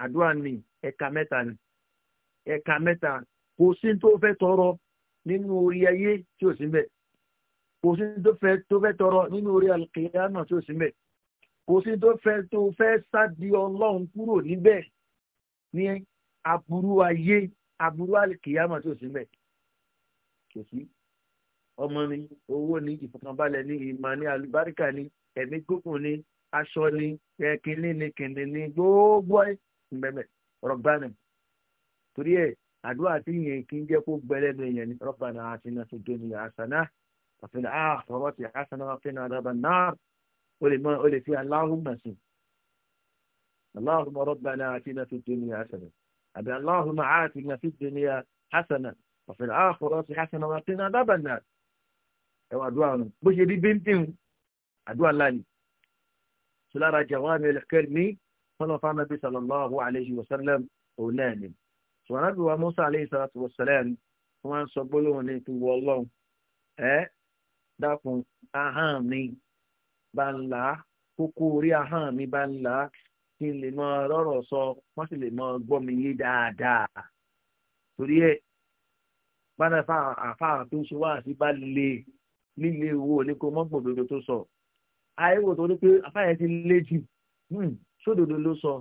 àdúrà ní ẹ̀ka mẹ́ta ni ẹ̀ka mẹ́ta kò sí tó fẹ́ tọrọ nínú orí ayé tí ò sí mbẹ̀ kò sí tó fẹ́ tó fẹ́ tọrọ nínú orí alkiyama tí ò sí mbẹ̀ kò sí tó fẹ́ tó fẹ́ sádi ọlọ́run kúrò níbẹ̀ ní aburú ayé aburú alkiyama tí ò sí mbẹ̀ kò sí ọmọ ni owó ni ìfọkànbalẹ̀ ni ìmọ̀ ni alùbáríkà ni ẹ̀mí gbókùn ni aṣọ ni kìnìún ni kìnìún ni gbogbo ẹ̀ mbẹ̀mbẹ̀ rọ̀gbánìm torí ẹ̀ àdúrà tí yẹn kì í jẹ́ kó gbẹ́lẹ́ lóye yẹn ní rabbana atina fid dunya hasana wa fil akhirati hasana wa qina adhaban nar o lè mọ o lè fi allahumma sí allahumma rabbana atina fid dunya hasana àbí allahumma atina fid dunya hasana wa fil akhirati hasana wa qina adhaban nar ẹwà àdúrà ọ̀nà bó ṣe rí bíntín àdúrà ńlá ni sọlára jawami al-kalimi fọlọ́fà nàbí sallallahu alayhi wa sallam òun náà ni ṣùgbọ́n àbí wa Musa aleyhi salatu wa salam wọ́n á sọ gbólóhùn ní ìwọ ọlọ́run ẹ dákun ahọ́n mi bá ń là á kókó orí ahọ́n mi bá ń là á kí n lè mọ rọ́rọ̀ sọ wọ́n sì lè mọ gbọ́ mi yé dáadáa torí ẹ bára àfáà tó ń ṣe wá àti bá lè líle owó ní kó mọ́gbọ̀n òdodo tó sọ àìwò tó ní pé àfáà ti lé jù sódodo hmm, ló sọ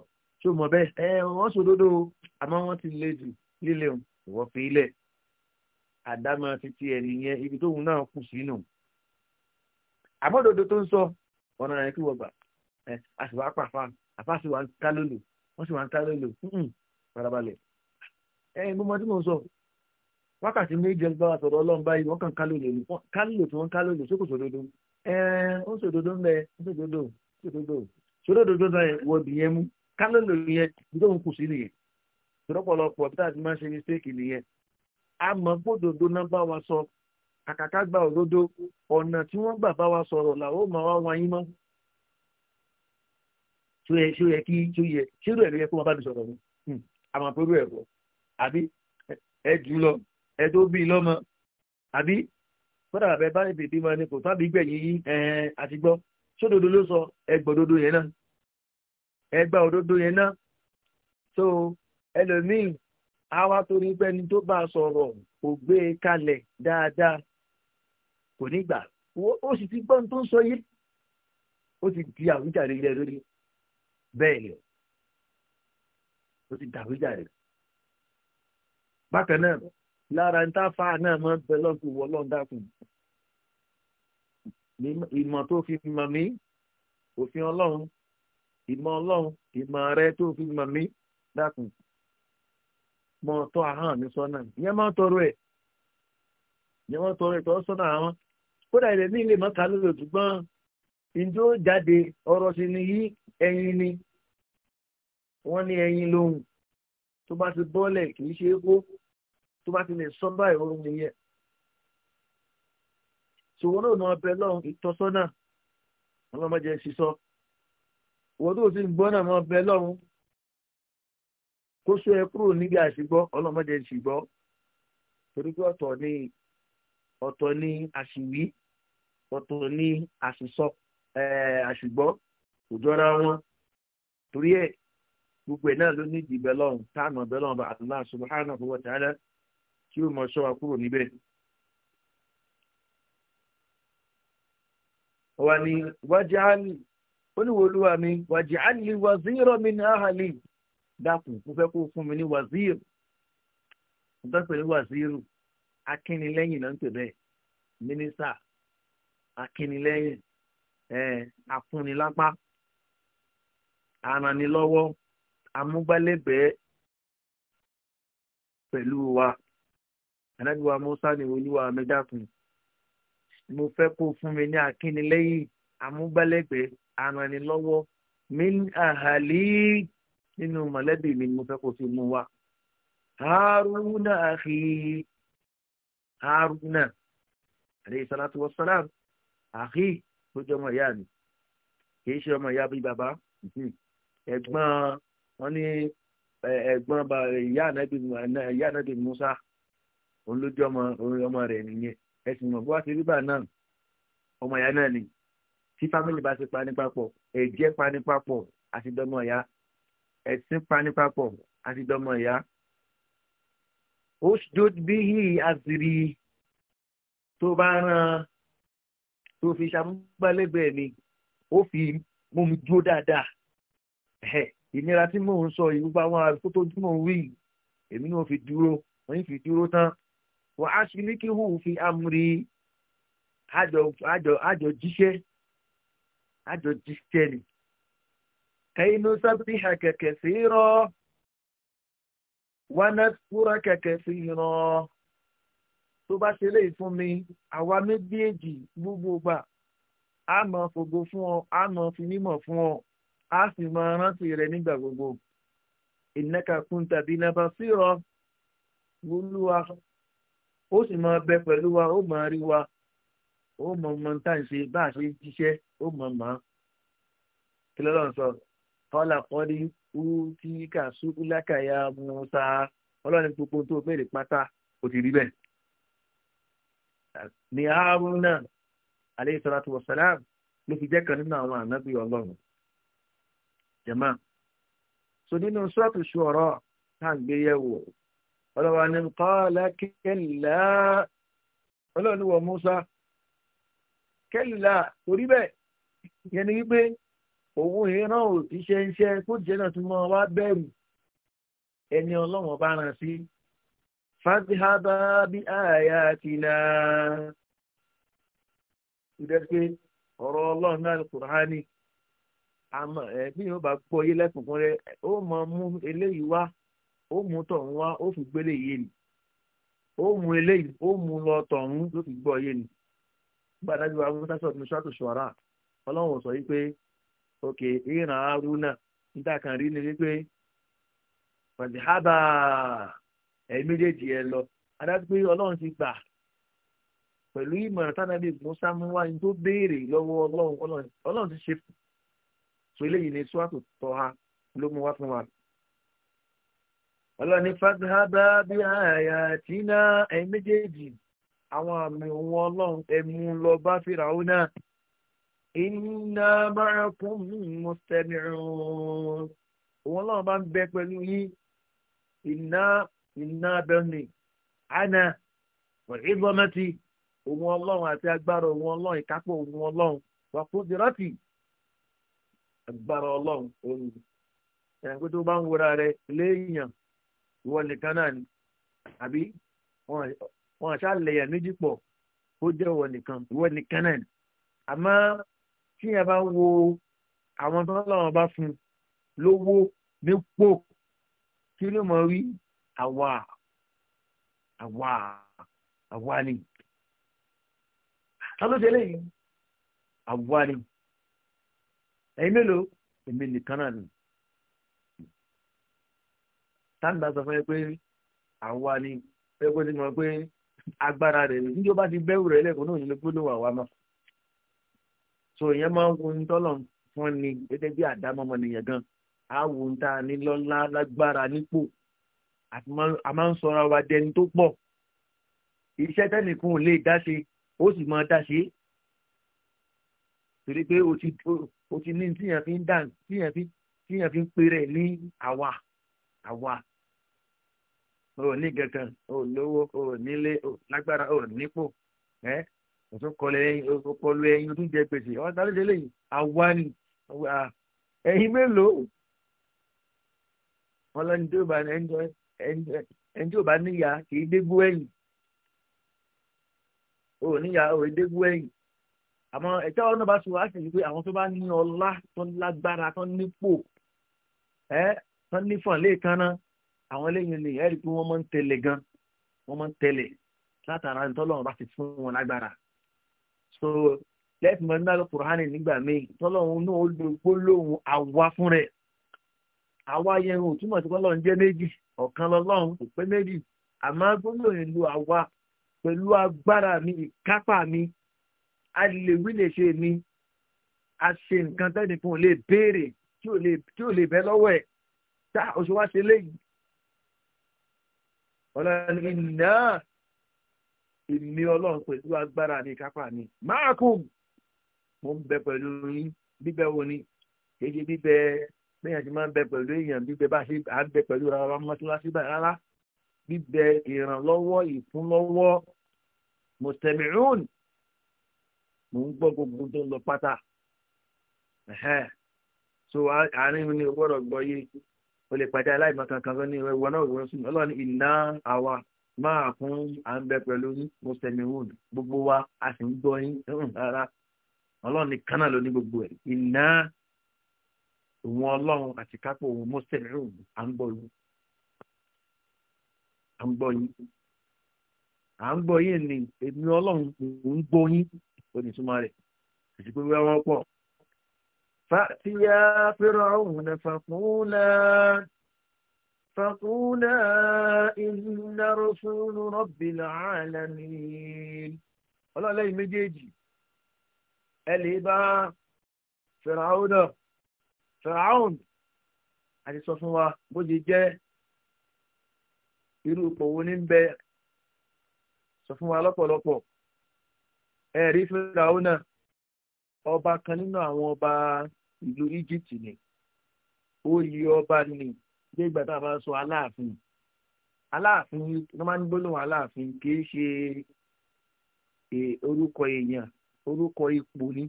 tí o mọ̀ bẹ́ẹ̀ ẹ wọ́n sòdodo àmọ́ wọ́n ti lé jù líle o ìwọ fi ilẹ̀ àdámọ́ títí ẹ̀ nìyẹn ibi tóun náà kù sínú àbọ̀dọ̀dọ̀ tó ń sọ ọ̀nà rẹ̀ kí wọ́n gbà ẹ a sì wá pàfà àfà sì wá ń ká lólo wọ́n sì wá ń ká lólo farabalẹ̀ ẹ ẹ gbọ́mọ tí mò ń sọ wákàtí méje bá wa sọ̀rọ̀ ọlọ́run báyìí wọ́n kàn ká lólo ní ká lólo tí wọ́n ká lólo sókò sòdodo ẹ ó sòdodo ń bẹ ó sòdodo sòdodo sòdodo náà wọ bìyẹn mú kánẹ́lò yẹn ìdóhùn kù sí nìyẹn tọ́lọ́pọ̀lọpọ̀ bí táàtì máa ṣe mistake nìyẹn a mọ̀ gbódòdó náà bá wa sọ àkàkà gba òdodo ọ̀nà tí wọ́n gbà bá wa sọ̀rọ̀ làwọn ò máa wá wọn yín mọ́ tó yẹ ṣó yẹ kí tó yẹ ṣírò ẹ̀ ló yẹ kó wọn bá mi sọ̀rọ̀ mi àmọ́ ẹ̀rọ àbí ẹ jù lọ ẹ tó bí lọ́mọ àbí fọ́dà bàbá ẹ bá bèbí wọn ni kò tábí gbẹ̀yìn yín àti sódodo ló sọ ẹ yẹn náà ẹgbà òdodo yẹn náà so ẹlòmíì àwa torí pé ẹni tó bá sọ̀rọ̀ kò gbé e kalẹ̀ dáadáa kò ní gbà ó sì ti gbọ́n tó ń sọ yìí ó ti di àwíjàre ilé lórí bẹ́ẹ̀ ni ó ti di àwíjàre bákan náà lára ń tá fa náà máa ń bẹ lọ́kùn wọ lọ́ńdàkùn ìmọ̀ tó fi mọ̀ mí òfin ọlọ́run ìmọ̀ ọlọ́run ìmọ̀ rẹ tó fi mọ̀ mí dákun mọ̀ tọ́ ahọ́n mi sọ́nà ìyẹn máa ń tọrọ ẹ̀ ìyẹn máa ń tọrọ sọ́nà àwọn kódà ilẹ̀ ní ilé mọ́ta lórí òtúgbọ́n jáde ọ̀rọ̀ sí ni yí ẹyin ni wọ́n ní ẹyin lóhùn tó bá ti bọ́lẹ̀ kì í ṣe é kó tó bá ti lè sọ wọ́n tó sì ń gbọ́ náà mọ́ bẹ lọ́run kó sọ ẹ kúrò níbi àṣìgbọ́ ọlọ́mọdé ṣìgbọ́ torí pé ọ̀tọ̀ ni ọ̀tọ̀ ni àṣìwí ọ̀tọ̀ ni àṣìsọ àṣìgbọ́ kò jọra wọn torí ẹ̀ gbogbo ẹ̀ náà ló ní ma lọ́run táàmù ọ̀bẹ lọ́run bá Allah subhanahu wa ta'ala kí ó mọ̀ ṣọ́ wa kúrò níbẹ̀. wọ́n ní wájú oníwòlúwa mi wàjì àlè wàzírọ̀ mi ní àhàlè dákun mo fẹ́ kó fún mi ní wàzír mo fẹ́ pè ní wàzírù akínilẹ́yìn náà ń pè bẹ́ẹ̀ mínísà akínilẹ́yìn afúnilápá aranilọ́wọ́ amúgbálẹ́gbẹ̀ẹ́ pẹ̀lú wa anábíwá musa ni olúwa mi dákun mo fẹ́ kó fún mi ní akínilẹ́yìn amúgbálẹ́gbẹ̀ẹ́ aranilọ́wọ́ min ahali nínú mọ̀lẹ́bí mi ni mo fẹ́ kó fi mú wa haruna akhi haruna alayhi salatu wa salam akhi ló jẹ́ ọmọ ìyá mi kì í ṣe ọmọ ìyá bíi bàbá hmm. ẹ̀gbọ́n wọn ní ẹ̀gbọ́n ìyá ànábì musa òun ọmọ rẹ̀ nìyẹn ẹ̀sìn mọ̀ bó wá sí bíbà náà ọmọ ìyá náà ni tí fámìlì bá ti panipapọ̀ ẹ̀jẹ̀ panipapọ̀ àti dọ́mọ ìyá ẹ̀sìn panipapọ̀ àti dọ́mọ ìyá. ushdud bihi azri tó bá ràn tó fi ṣàmúgbálẹ́gbẹ̀ẹ́ mi ó fi mú mi dúró dáadáa ìnira tí mò ń sọ yìí gbogbo àwọn àrùkú tó dúró wí èmi náà fi dúró wọ́n yìí fi dúró tán wọ́n ṣe ní kí hù fi amúri àjọ jíṣẹ́ àjọ jíṣẹ́ ni kẹ́hìnú sábì hà kẹ̀kẹ́ sí rọ wánà fúra kẹ̀kẹ́ sí rọ tó bá ṣe léyìí fún mi àwa méjèèjì gbogbo gbà á mọ̀ fògo fún ọ á mọ̀ fi mímọ̀ fún ọ á sì mọ̀ rántí rẹ nígbà gbogbo ìnáka kún tàbí nàbà sí rọ wúlúwa ó sì máa bẹ pẹ̀lú wa ó máa rí wa ó mọ ọmọ tá ń ṣe bá a ṣe jíṣẹ́ ó mọ ọmọ kí lọ́lọ́run sọ kọ́lá kọ́lí ú tí kà sùkúlákà ya Musa ọlọ́run gbogbo tó bẹ̀rẹ̀ pátá kò ti rí bẹ́ẹ̀. ní Haruna alayhi salatu wa salam ló fi jẹ́ kan nínú àwọn ànábì ọlọ́run jẹ̀mọ́ so nínú sọ́ọ̀tù ṣọ̀rọ̀ tá à ń gbé yẹ̀wò ọlọ́wà ni kọ́lá kẹ́lá ọlọ́run wọ Musa kẹ́lìlá torí bẹ́ẹ̀ yẹn ni wípé òun ìran ò ti ṣe iṣẹ́ kó jẹ́ náà tún mọ́ wá bẹ̀rù ẹni ọlọ́run bá ràn sí fàtíhábà bí àyà ti nà. ìdẹ́gbẹ́ ọ̀rọ̀ ọlọ́run náà kùránì àmọ́ ẹ̀ yóò bá gbọ́ yé lẹ́kùnkún rẹ ó mọ mú eléyìí wá ó mú tọ̀hún wá ó fi gbélé yé ni ó mú eléyìí ó mú lọ tọ̀hún ló fi gbọ́ yé ni gbàdájú wa musa sọ ní sọ́tò ṣọ́ra ọlọ́run sọ yìí pé òkè ìran arúnà níta kan rí ni wípé pàdéhábà ẹ̀mí méjèèjì ẹ lọ adájú pé ọlọ́run ti gbà pẹ̀lú ìmọ̀ràn tánàbí musa mú ní tó béèrè lọ́wọ́ ọlọ́run ọlọ́run ti ṣe eléyìí àwọn àmì òun ọlọ́run ẹ̀mú lọ bá Fíráúnà náà iná bára kún mustami'un òun ọlọ́run bá ń bẹ pẹ̀lú yín iná iná bẹ́ẹ̀ni àná ìbọmọtì òun ọlọ́run àti agbára òun ọlọ́run ìkápọ̀ òun ọlọ́run wà kó dìrọ́tì agbára ọlọ́run òun ẹ̀yàn tó bá ń wúra rẹ léèyàn ìwọ nìkan náà ni àbí wọn àṣà lẹ̀yà méjì pọ̀ ó jẹ́ ìwọ nìkan ìwọ nìkan náà àmọ́ tí yẹn bá wo àwọn tó lọ́wọ́ bá fún lówó nípò kí ló mọ̀ rí àwa àwa àwa ni ta ló ṣe léyìn àwa ni ẹ̀yin mélòó èmi nìkan náà ni táǹdà sọ fún ẹ pé àwa ni ẹ tí mo pé agbára rẹ̀ nìyí ó bá ti bẹ́rù rẹ̀ lẹ́kọ̀ọ́ náà nílé gbólóhùn àwa náà so ìyẹn máa ń wo ní tọ́lọ̀ fún ni gẹ́gẹ́ bí àdámọ́mọ nìyẹn gan á wo ń ta ní lọ́lá lágbára nípò a máa ń sọra wa dẹni tó pọ̀ iṣẹ́ tẹ́nìkan ò lè dá ṣe ó sì máa dá ṣe torí pé o ti ní tíyàn fi ń dà tíyàn fi ń pè rẹ̀ ní àwa àwa o ní kankan o lówó o nílé o lágbára o nípò ẹ òtún kọlu ẹyin kọlu ẹyin o tún jẹ gbèsè ọ̀hún tá ló dé lẹ́yìn àwa ni ẹyin mélòó wọn lọ ní tí ó bá ẹni tí ó bá níyà kì í dégbó ẹ̀yìn o níyà o dégbó ẹ̀yìn àmọ́ ẹ̀jẹ̀ ọ̀nà bá sùn wá sí pé àwọn tó bá ní ọlá tó lágbára tó nípò ẹ tó nífọ̀n lẹ́ẹ̀kan náà àwọn eléyìí ni ẹ̀rí pé wọ́n máa ń tẹ̀lé gan wọ́n máa ń tẹ̀lé látara ìtọ́lọ́run bá ti fún wọn lágbára so lẹ́ẹ̀tì mọ́ nígbà lọ́kùnrin nígbà míì tọ́lọ́run náà ó lo gbólóhùn àwa fún rẹ̀ àwa yẹn ò túmọ̀ sí kọ́lọ́run jẹ́ méjì ọ̀kan lọ́lọ́run kò pé méjì àmọ́ gbólóhùn lo àwa pẹ̀lú agbára mi ìkápá mi a lè wí lè ṣe mi a ṣe nǹkan tẹ́nìkan ò lè béèrè tí ò lè bẹ́ lọ́wọ́ ẹ̀ tá oṣù wá ṣe léyìí ọlọ́run iná èmi ọlọ́run pẹ̀lú agbára ní ìkápá mi máa kù mo ń bẹ pẹ̀lú yín bíbẹ̀ wo ni kéje bíbẹ̀ bẹ́yàn ti máa ń bẹ pẹ̀lú èèyàn bíbẹ̀ bá ṣe à ń bẹ pẹ̀lú rárá mọ́tíláṣí báyìí rárá bíbẹ̀ ìrànlọ́wọ́ ìfúnlọ́wọ́ mùsùlùmíún mò ń gbọ́ gbogbo tó ń lọ pátá so àárín mi ni o gbọ́dọ̀ gbọ́ yé o lè pàdé aláìmọ̀ kankan lọ ní ìwọ náà wọ́n sùn ọlọ́run ní iná àwa máa fún à ń bẹ pẹ̀lú mùsùlùmíwòn gbogbo wa a sì ń gbọ́ yín rárá ọlọ́run ní kánà ló ní gbogbo ẹ̀ iná òun ọlọ́run àti kápò òun mùsùlùmíwòn à ń gbọ́ yín à ń gbọ́ yín à ń gbọ́ yín ni èmi ọlọ́run òun gbọ́ yín ó ní túmọ̀ rẹ̀ àti pé wọ́n pọ̀ فأتيا فرعون فقولا فقولا إن رسول رب العالمين ọlọ́lẹ́yìn méjèèjì ẹ lè bá fìràún fìràún àti sọ fún wa bó ṣe jẹ́ irú ipò wo ní bẹ sọ fún wa lọ́pọ̀lọpọ̀ ẹ̀rí fìràún ọba kan nínú àwọn ọba ìlú Egypt ni oyè ọba ni bí ìgbà tá a bá sọ aláàfin aláàfin ló máa gbólóhùn aláàfin kìí ṣe e, orúkọ èèyàn orúkọ ipò ni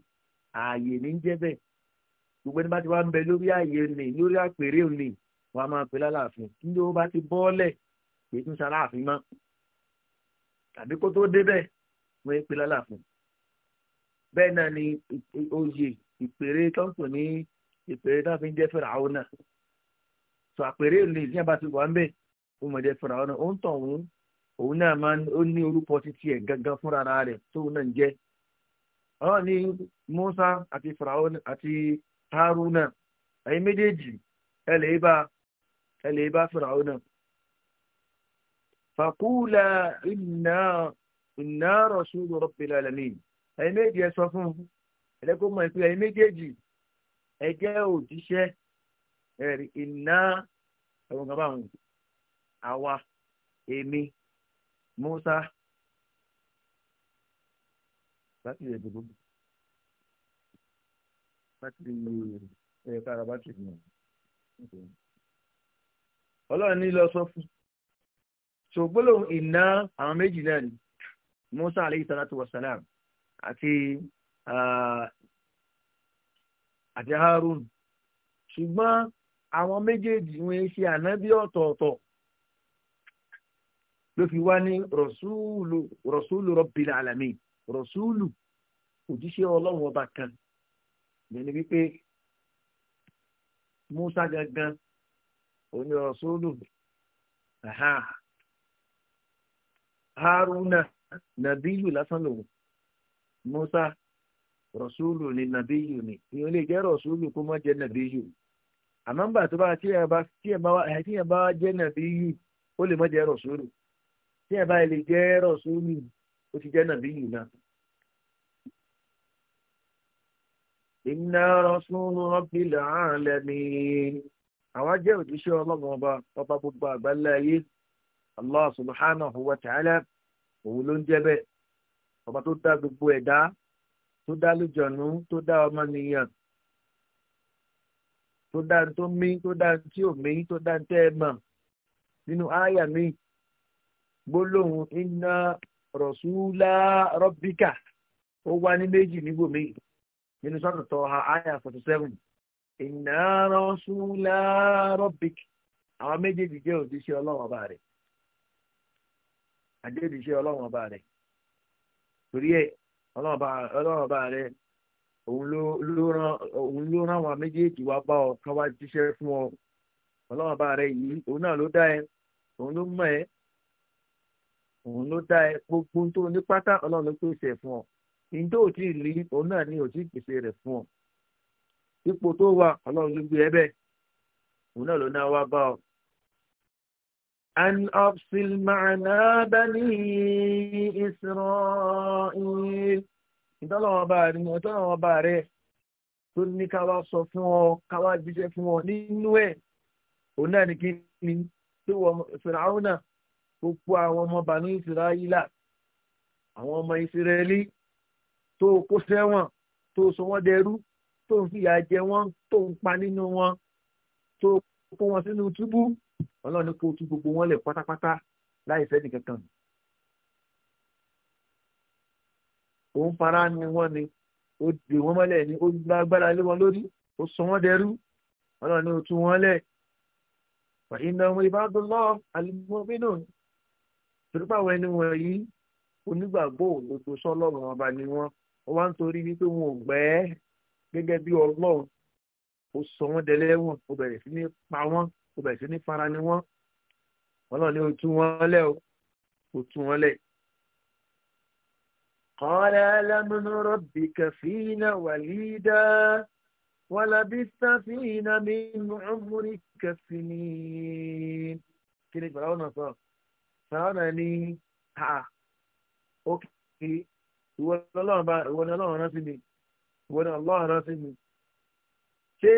ààyè ní jẹ́ bẹ́ẹ̀ gbogbo ẹni bá ti wá ń bẹ lórí ààyè ni lórí àpèrè ni wàá máa pè láláàfin níbi ó bá ti bọ́ọ̀lẹ̀ pé tún ṣaláàfin mọ́ tàbí kó tó débẹ̀ wọ́n pè láláàfin bẹ́ẹ̀ náà ni oyè ìpèrè tó ń pè ní ìpèrè náà fi ń jẹ́ fẹ́ràn àwọn náà sọ àpèrè ìlú ìdí àbá ti wà ń bẹ̀ ó mọ̀ jẹ́ fẹ́ràn àwọn náà ó ń tàn òun òun náà máa ó ní orúkọ títí ẹ̀ gangan fúnra rẹ̀ tóun náà ń jẹ́ ọ̀rọ̀ ní Musa àti fẹ́ràn àti Haruna ẹ̀yin méjèèjì ẹ lè bá ẹ lè bá fẹ́ràn àwọn náà. فقولا إنا إنا رسول رب العالمين أي ما يجي يسوفون ẹlẹ́kọ́ mọ̀ ìpínlẹ̀ yìí méjèèjì ẹ òjíṣẹ́ ẹ̀rí iná ẹ̀wọ̀n kan báwọn àwa èmi Musa láti rẹ̀ gbogbo láti rẹ̀ kára bá tìrì náà ọlọ́run ní lọ sọ fún ṣògbólóhùn iná àwọn méjì náà ni Musa aleyhi salatu wa salam àti. Uh, àti Harun ṣùgbọ́n àwọn méjèèjì wọn ṣe ànábì ọ̀tọ̀ọ̀tọ̀ ló fi wá ní rọ̀súùlù rọ̀súùlù rabbil alamin rọ̀súùlù òjíṣẹ́ ọlọ́run ọba kan ìyẹn ni wípé Musa gangan òní rọ̀súùlù Haruna nàbíyù lásán lòun Musa rọ̀ṣúlù ni nàbíyù ni ìyẹn lè jẹ́ rọ̀ṣúlù kó má jẹ́ nàbíyù àmọ́ nígbà tó bá tí ẹ bá tí ẹ bá tí ẹ bá jẹ́ nàbíyù ó lè má jẹ́ rọ̀ṣúlù tí ẹ bá lè jẹ́ rọ̀ṣúlù ó ti jẹ́ nàbíyù náà. iná rọ̀ṣúlù rabbil alamin àwọn jẹ́ òjíṣẹ́ ọlọ́run ọba ọba gbogbo àgbáńlá ayé allah subhanahu wa ta'ala òun ló ń jẹ́ bẹ́ẹ̀ ọba tó dá gbogbo ẹ̀dá tó dá lójọ̀nù tó dá ọmọnìyàn tó dá tó mí tó dá tí ò mí tó dá ẹ nínú àyà mi gbólóhùn iná rọ̀ṣúlá ó wá ní méjì níbòmí nínú sọtọtọ ha àyà forty seven iná rọ̀ṣúlá rọ́bíkà àwọn méjèèjì ọba ọba torí ọlọ́run bá rẹ òun ló rán wa méjèèjì wá bá ọ kán wá jíṣẹ́ fún ọ ọlọ́run bá rẹ yìí òun náà ló dá ẹ òun ló mọ̀ ẹ òun ló dá ẹ gbogbo tó ní pátá ọlọ́run ló pèsè fún ọ ìdó ò tí ì rí òun náà ni ò tí pèsè rẹ̀ fún ọ ipò tó wà ọlọ́run ló gbé ẹ bẹ́ẹ̀ òun náà ló náà wá bá ọ أن أرسل معنا بني إسرائيل ìtọ́lọ́wọ́ bá rí ọ̀tọ́lọ́wọ́ bá rẹ̀ tó ní káwá sọ fún ọ káwá jíṣẹ́ fún ọ nínú ẹ̀ òun náà ní kí ni tó wọ fìràwọ́nà tó kó àwọn ọmọ bànú ìsirayílà àwọn ọmọ ìsirẹ́lí tó kó sẹ́wọ̀n tó sọ wọ́n dẹrú tó ń fìyà jẹ wọ́n tó ń pa nínú wọn tó kó wọn sínú túbú ọlọ́run ní kó tú gbogbo wọn lẹ̀ pátápátá láì fẹ́ nìkankan òun fara ni wọ́n ni ó dè wọ́n mọ́lẹ̀ ni ó lágbára lé wọn lórí ó sọ wọ́n dẹrú ọlọ́run ní ó tú wọn lẹ̀ ìnà ọmọ ìbádọ́lọ́ àlùmọ́bínú torípa àwọn ẹni wọn yìí onígbàgbọ́ òdodo sọlọ́run ọba ni wọ́n wọ́n wá ń torí wípé wọn ò gbẹ́ gẹ́gẹ́ bí ọlọ́run ó sọ wọ́n dẹlẹ́wọ̀n ó bẹ̀rẹ̀ sí ní pa wọ́n ó bẹ̀rẹ̀ sí ní fara ni wọ́n ọlọ́run ní o tú wọn lẹ́ o o tú wọn lẹ́. قال ألم نربك فينا وليدا ولبثت فينا من عمرك سنين kí ni fàràwọn náà sọ fàràwọn náà ní ha ókè ìwọ ni ọlọ́run bá ìwọ ni ọlọ́run rántí mi ìwọ ni ọlọ́run rántí mi ṣé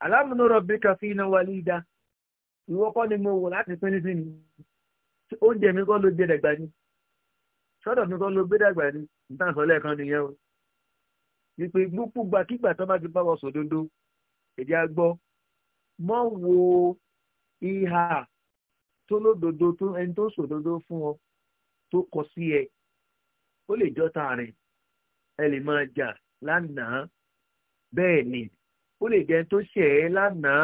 alámúná rabbika fina walida ìwọ kọ́ ni mo wò láti pín ní sínú oúnjẹ mi kọ́ ló gbé dàgbà ni sọ́dọ̀ mi kọ́ ló gbé dàgbà ni níta sọ lẹ́ẹ̀kan nìyẹn o ìpè gbúpù gbàkígbà tó bá ti bá wọ sòdodo èdè àgbọ̀ mọ́ wo ìhà tó lódodo tó ẹni tó sòdodo fún ọ tó kọ sí ẹ ó lè jọ́ta rìn ẹ lè máa jà lánàá bẹ́ẹ̀ ni ó lè jẹ́ tó ṣẹ̀ ẹ́ lánàá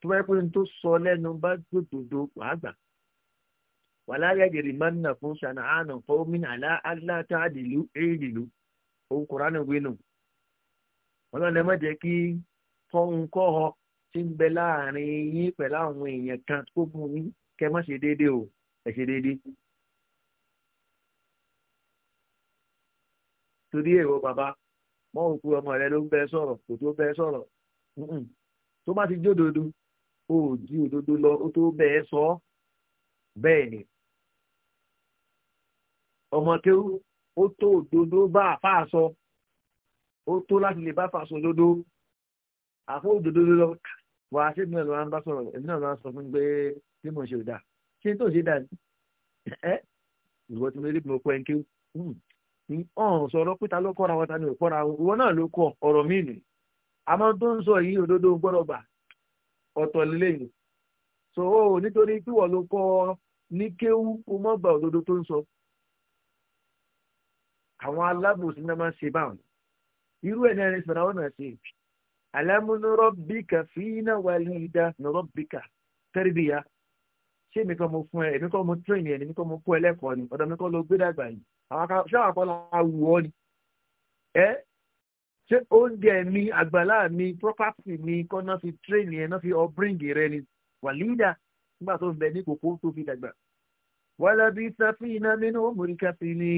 tó bá yẹ pé tó sọ lẹ́nu bá gbòdòdó wàgbà wàlá yàgìrì máa ń nà fún ṣànà àánà fọwọ́mìn àlá aláta àdìlú èèdìlú òun kùránù wínú ọlọ́run ẹ mọ́ jẹ́ kí kọ́hún kọ́họ ń bẹ láàrin yín pẹ̀lú àwọn èèyàn kan tó o ṣe torí èrò mọ́ òkú ọmọ rẹ ló ń bẹ sọ̀rọ̀ kò tó bẹ sọ̀rọ̀ tó bá ti jódodo ó di òdodo lọ ó tó bẹ ẹ sọ bẹ́ẹ̀ ni ọmọ kéwú ó tó òdodo bá àfáà sọ ó tó láti lè bá fàṣọ òdodo àfọ òdodo lọ wàá ṣé mi náà ló ń bá sọ̀rọ̀ èmi náà ló sọ fún mi pé bí mo ṣe ò dáa ṣé tó ṣe dáa ẹ ìwọ tí mo rí mo kọ ẹ kéwú. Mm. ọ̀hún sọ̀rọ̀ pé ta ló kọ́ra wọn ta ni ló kọ́ ọ̀rọ̀ tó ń sọ yìí òdodo gbọ́dọ̀ gbà ọ̀tọ̀ yìí. so o nítorí pé wọ́n ló kọ́ ní kéwú gba òdodo tó ń sọ àwọn alábòsí náà máa ń ṣe báwọn irú ẹ̀ náà sọ̀rọ̀ àwọn náà ṣe alámúnúrọ̀ bíkà fínà ṣé àwọn kan la wù ọ ni ẹ ṣé oúnjẹ mi àgbàlá mi property mi kọ́ náà fi train yẹn náà fi ọbíríǹgì rẹ ni wàlídà nígbà tó ń bẹ ní kòkó tó fi dàgbà wàlábí sáfìnà mínú òmùríkà sí ni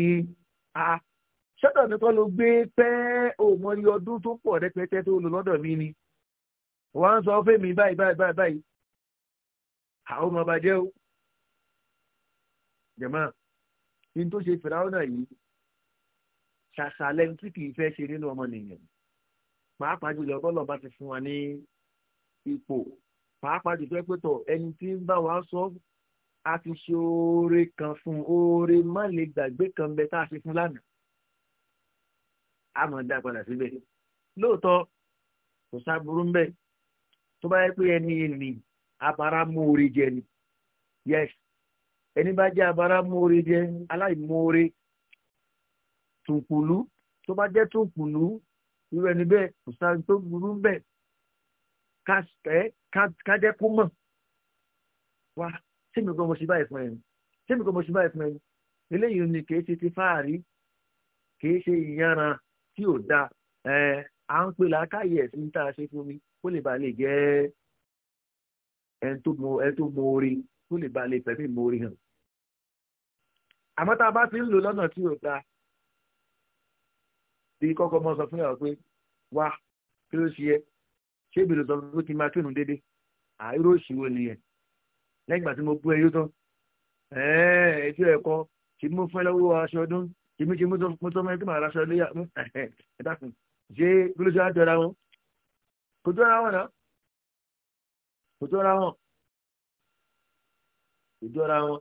ṣọ́dọ̀ mi kọ́ ló gbé pẹ́ òmòrí ọdún tó pọ̀ rẹpẹtẹ tó lò lọ́dọ̀ mi ni wọ́n á sọ fẹ́mi báyìí báyìí báyìí báyìí àwọn ọmọ bàjẹ́ o jẹ̀mọ́ ní tó ṣe fìràwọ́nà yìí ṣàṣà lẹ́nu tí kìí fẹ́ ṣe nínú ọmọnìyàn pàápàá jùlọ bọ́lọ̀ bá ti fún wa ní ipò pàápàá jùlọ pé tọ̀ ẹni tí ń bá wa sọ a ti ṣe oore kan fún oore má lè gbàgbé kan bẹ tá a ṣe fún lánàá a mọ̀ dá padà síbẹ̀ lóòótọ́ kò sáburú ń bẹ̀ tó bá yẹ pé ẹni ẹni abara mú jẹ ni yes ẹni bá jẹ́ abara mọ́re jẹ́ aláìmọ́re tùkùlù tó bá jẹ́ tùkùlù irú ẹni bẹ́ẹ̀ kò sáré tó burú bẹ́ẹ̀ ká ẹ ká jẹ́ kó mọ̀ wá sẹ́mi kan mo ṣe báyìí fún ẹ sẹ́mi kan mo ṣe báyìí fún ẹ eléyìí ni kì í ṣe ti fáàrí kì í ṣe ìyanra tí ò dáa à ń pè lákàyè ẹ̀sìn tá a ṣe fún mi kó lè ba lè jẹ́ ẹ tó mọ kó lè ba lè fẹ́ mi hàn àmọ́ tá a bá ti ń lò lọ́nà tí ò dáa bí kọ́kọ́ mọ́ sọ fún ìyàwó pé wá kí ló ṣe yẹ ṣé ìbèrè sọ pé kí n máa kírun déédéé àìró òṣìwò nìyẹn lẹ́yìn ìgbà tí mo bú ẹyọ tán ẹ̀ẹ́dì ẹ̀kọ́ tí mo fẹ́ lọ́wọ́ aṣọ ọdún tí mi ti mú tó mẹ́rin tí màá raṣọ ọdún yà ẹ̀ẹ́dàkùn ṣé kí ló ṣe á jọra wọn kò jọra wọn náà kò jọra wọn kò jọra wọn.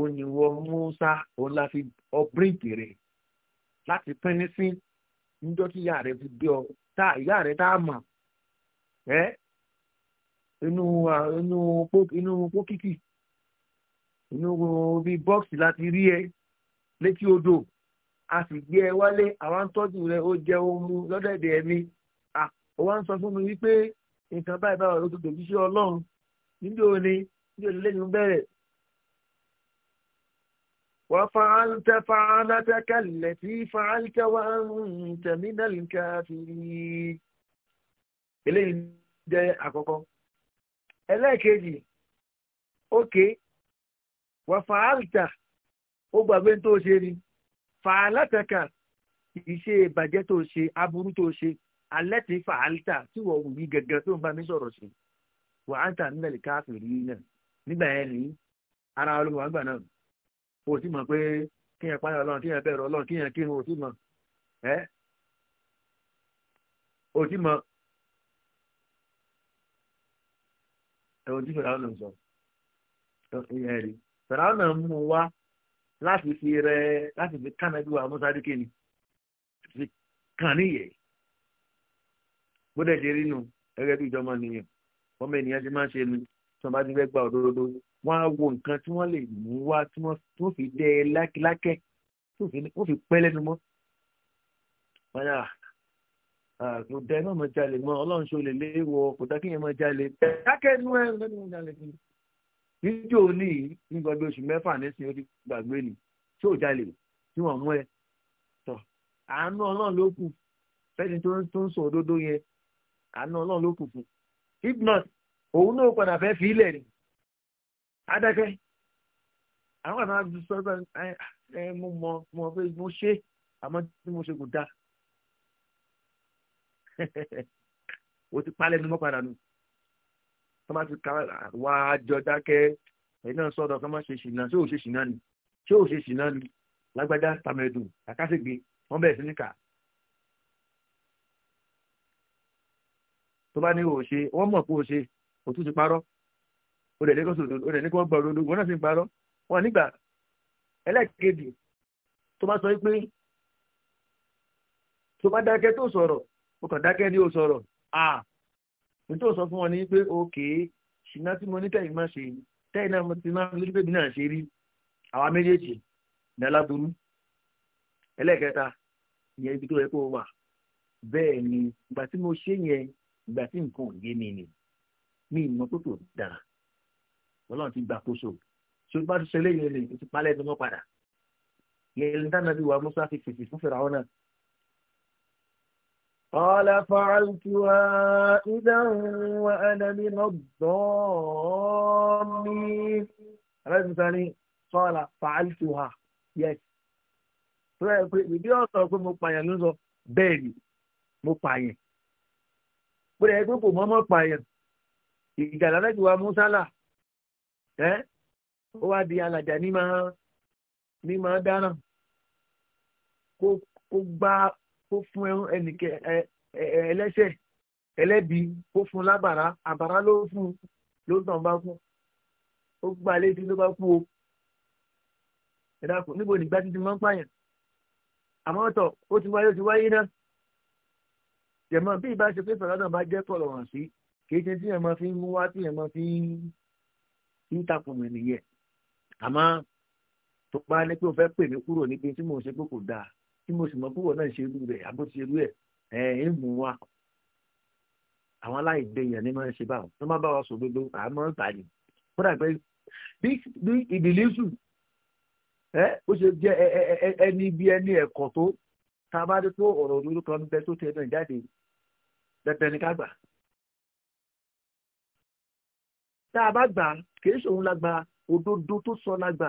òyìnbó musa òun la fi ọbírìkì rẹ̀ láti pínní sí níjọ́ tí ìyá rẹ̀ fi gbé ọ tá ìyá rẹ̀ tá a mọ̀ ẹ́ inú inú inú pókìkì inú bí bọ́ọ̀sì láti rí ẹ létí odò a sì gbé ẹ wálé àwa ń tọ́jú rẹ ó jẹ ohun lọ́dẹ̀dẹ̀ ẹ̀mí ó wá ń sọ fún mi wípé nǹkan báyìí báyìí ló tó tòjú sí ọlọ́run níbi òní níbi òní lẹ́yìn bẹ̀rẹ̀ وفعلت فعلتك التي فعلت وأنت من الكافرين eléyìí jẹ́ àkọ́kọ́ ẹlẹ́ẹ̀kejì ókè wà fàáltà ó gbàgbé tó ṣe ni fàálátàkà ìṣe ìbàjẹ́ tó ṣe aburú tó ṣe alẹ́ tí fàáltà tí wọ́n wù yí gẹ́gẹ́ tó ń bá mi sọ̀rọ̀ sí wà á ń tà nílẹ̀ káfíìrì náà nígbà yẹn ní ara olùwàgbà náà o sì mọ̀ pé kí yẹn pààyàn ọlọ́run kí yẹn bẹ̀rù ọlọ́run kí yẹn kírun o sì mọ̀ ẹ́ o sì mọ̀ ẹ̀wọ̀n tí fẹ̀rẹ̀ ọ̀nà sọ ìyẹn rí fẹ̀rẹ̀ ọ̀nà mú wa láti fi rẹ láti fi kánadu àmúsádìkè ni fi kàn níyẹn gbọ́dọ̀ ṣe rí nu gẹ́gẹ́ bí ìjọba nìyẹn wọ́n mọ ènìyàn ti máa ń ṣe nu tí wọ́n bá ti fẹ́ gba òdodo wọ́n á wo nǹkan tí wọ́n lè mú wá tí wọ́n fi dẹ́ ẹ lákẹ́lákẹ́ tí wọ́n fi pẹ́ lẹ́nu mọ́. wọ́n yà kò dẹ́ náà máa jalè mọ́ ọlọ́run ṣe olè léwọ kò dá kéèyàn máa jalè dákẹ́ inú ẹ lẹ́nu máa jalè fún mi. níjó ní ní gbàgbé oṣù mẹ́fà nísìnyí ó ti gbàgbé ni tí ò jalè tí wọ́n mú ẹ. tọ́ àánú ọlọ́run ló kù fẹ́ni tó ń sọ òdodo yẹn àánú ọlọ́run ló kù fún. if òun náà padà fẹ́ fi ilẹ̀ ni adákẹ́ àwọn àmà sọ́gbà ẹ mo mọ mo fẹ́ mo ṣe àmọ́ tí mo ṣe kò dáa o ti palẹ̀ ní mọ́padà nù tọ́mà ti ká wá jọ dákẹ́ ẹ̀yin náà sọ̀rọ̀ kọ́má ṣe ṣìnà ṣé ò ṣe ṣìnà ni ṣé ò ṣe ṣìnà ni lágbájá tàmẹ̀dùn àkásìgbè wọ́n bẹ̀rẹ̀ sí ní kà. tó bá ní o ṣe wọ́n mọ̀ pé o ṣe o tún ti parọ́ ó dẹ̀ ní kó sòdodo ó dẹ̀ ní kó gbọ́ òdodo wọn náà sì ń parọ́ wọn nígbà ẹlẹ́ẹ̀kejì tó bá sọ pé tó bá dákẹ́ tó sọ̀rọ̀ ó kàn dákẹ́ ní ó sọ̀rọ̀ à ní tó sọ fún wọn ní pé òkè ṣìnà tí mo ní tẹ̀yìn máa ṣe tẹ́yìn náà mo ti máa lójú pé mi náà ṣe rí àwa méjèèjì ní aláburú ẹlẹ́ẹ̀kẹta ìyẹn ibi tó yẹ kó wà bẹ́ẹ̀ ni ìgbà tí mo ṣe yẹn ìgbà ni mi ì mọ ọlọ́run ti gbàkóso tí o bá ti ṣẹlẹ̀ yẹn lè o ti palẹ̀ ẹnu padà yẹn ní dáná bí wa musa fi fèsì fún fèrè àwọn náà. قال فعلتها إذا وأنا من الضالين رجل ثاني قال فعلتها yes tó yẹ pé ìdí ọ̀sán pé mo pààyàn ló ń sọ bẹ́ẹ̀ ni mo pààyàn pé ẹ pé kò mọ́mọ́ pààyàn ìjà lálẹ́jù wa mú sálà ẹ́ ó wá di alàjà ní máa ní máa dáràn kó kó gbá kó fún ẹnìkẹ ẹ ẹlẹ́ṣẹ̀ ẹlẹ́bi kó fún lábàrá àbàrá ló fún ló tàn bá fún ó gbá létí ló bá kú o ẹ dákun níbo nígbà títí máa ń pààyàn àmọ́ ọ̀tọ̀ ó ti wáyé ó ti wáyé náà jẹ̀mọ́ bí ìbá ṣe pé sọ̀rọ̀ náà bá jẹ́ pọ̀ lọ́rùn sí kì í ṣe tí yẹn máa fi ń mú wá tí yẹn máa fi ń ìtàkùn mi nìyẹn àmọ́ tó bá ní pé o fẹ́ pè mí kúrò níbi tí mo ṣe pé kò dáa tí mo sì mọ púpọ̀ náà ṣe irú rẹ̀ àbó ti irú ẹ̀ ẹ̀ ń mú wa àwọn aláìgbé yẹn ni máa ń ṣe báwọn tó má bá wa sọ gbogbo àmọ́ ń tà ní kódà pé bí ìdílésù ẹ ó ṣe jẹ ẹni bí ẹni ẹ̀kọ́ tó tá a bá dé tó ọ̀rọ̀ olóró kan bẹ tó tẹ náà jáde dandan ni ká gbà tá a bá gbà kìí ṣòun lágbà òdodo tó sọ lágbà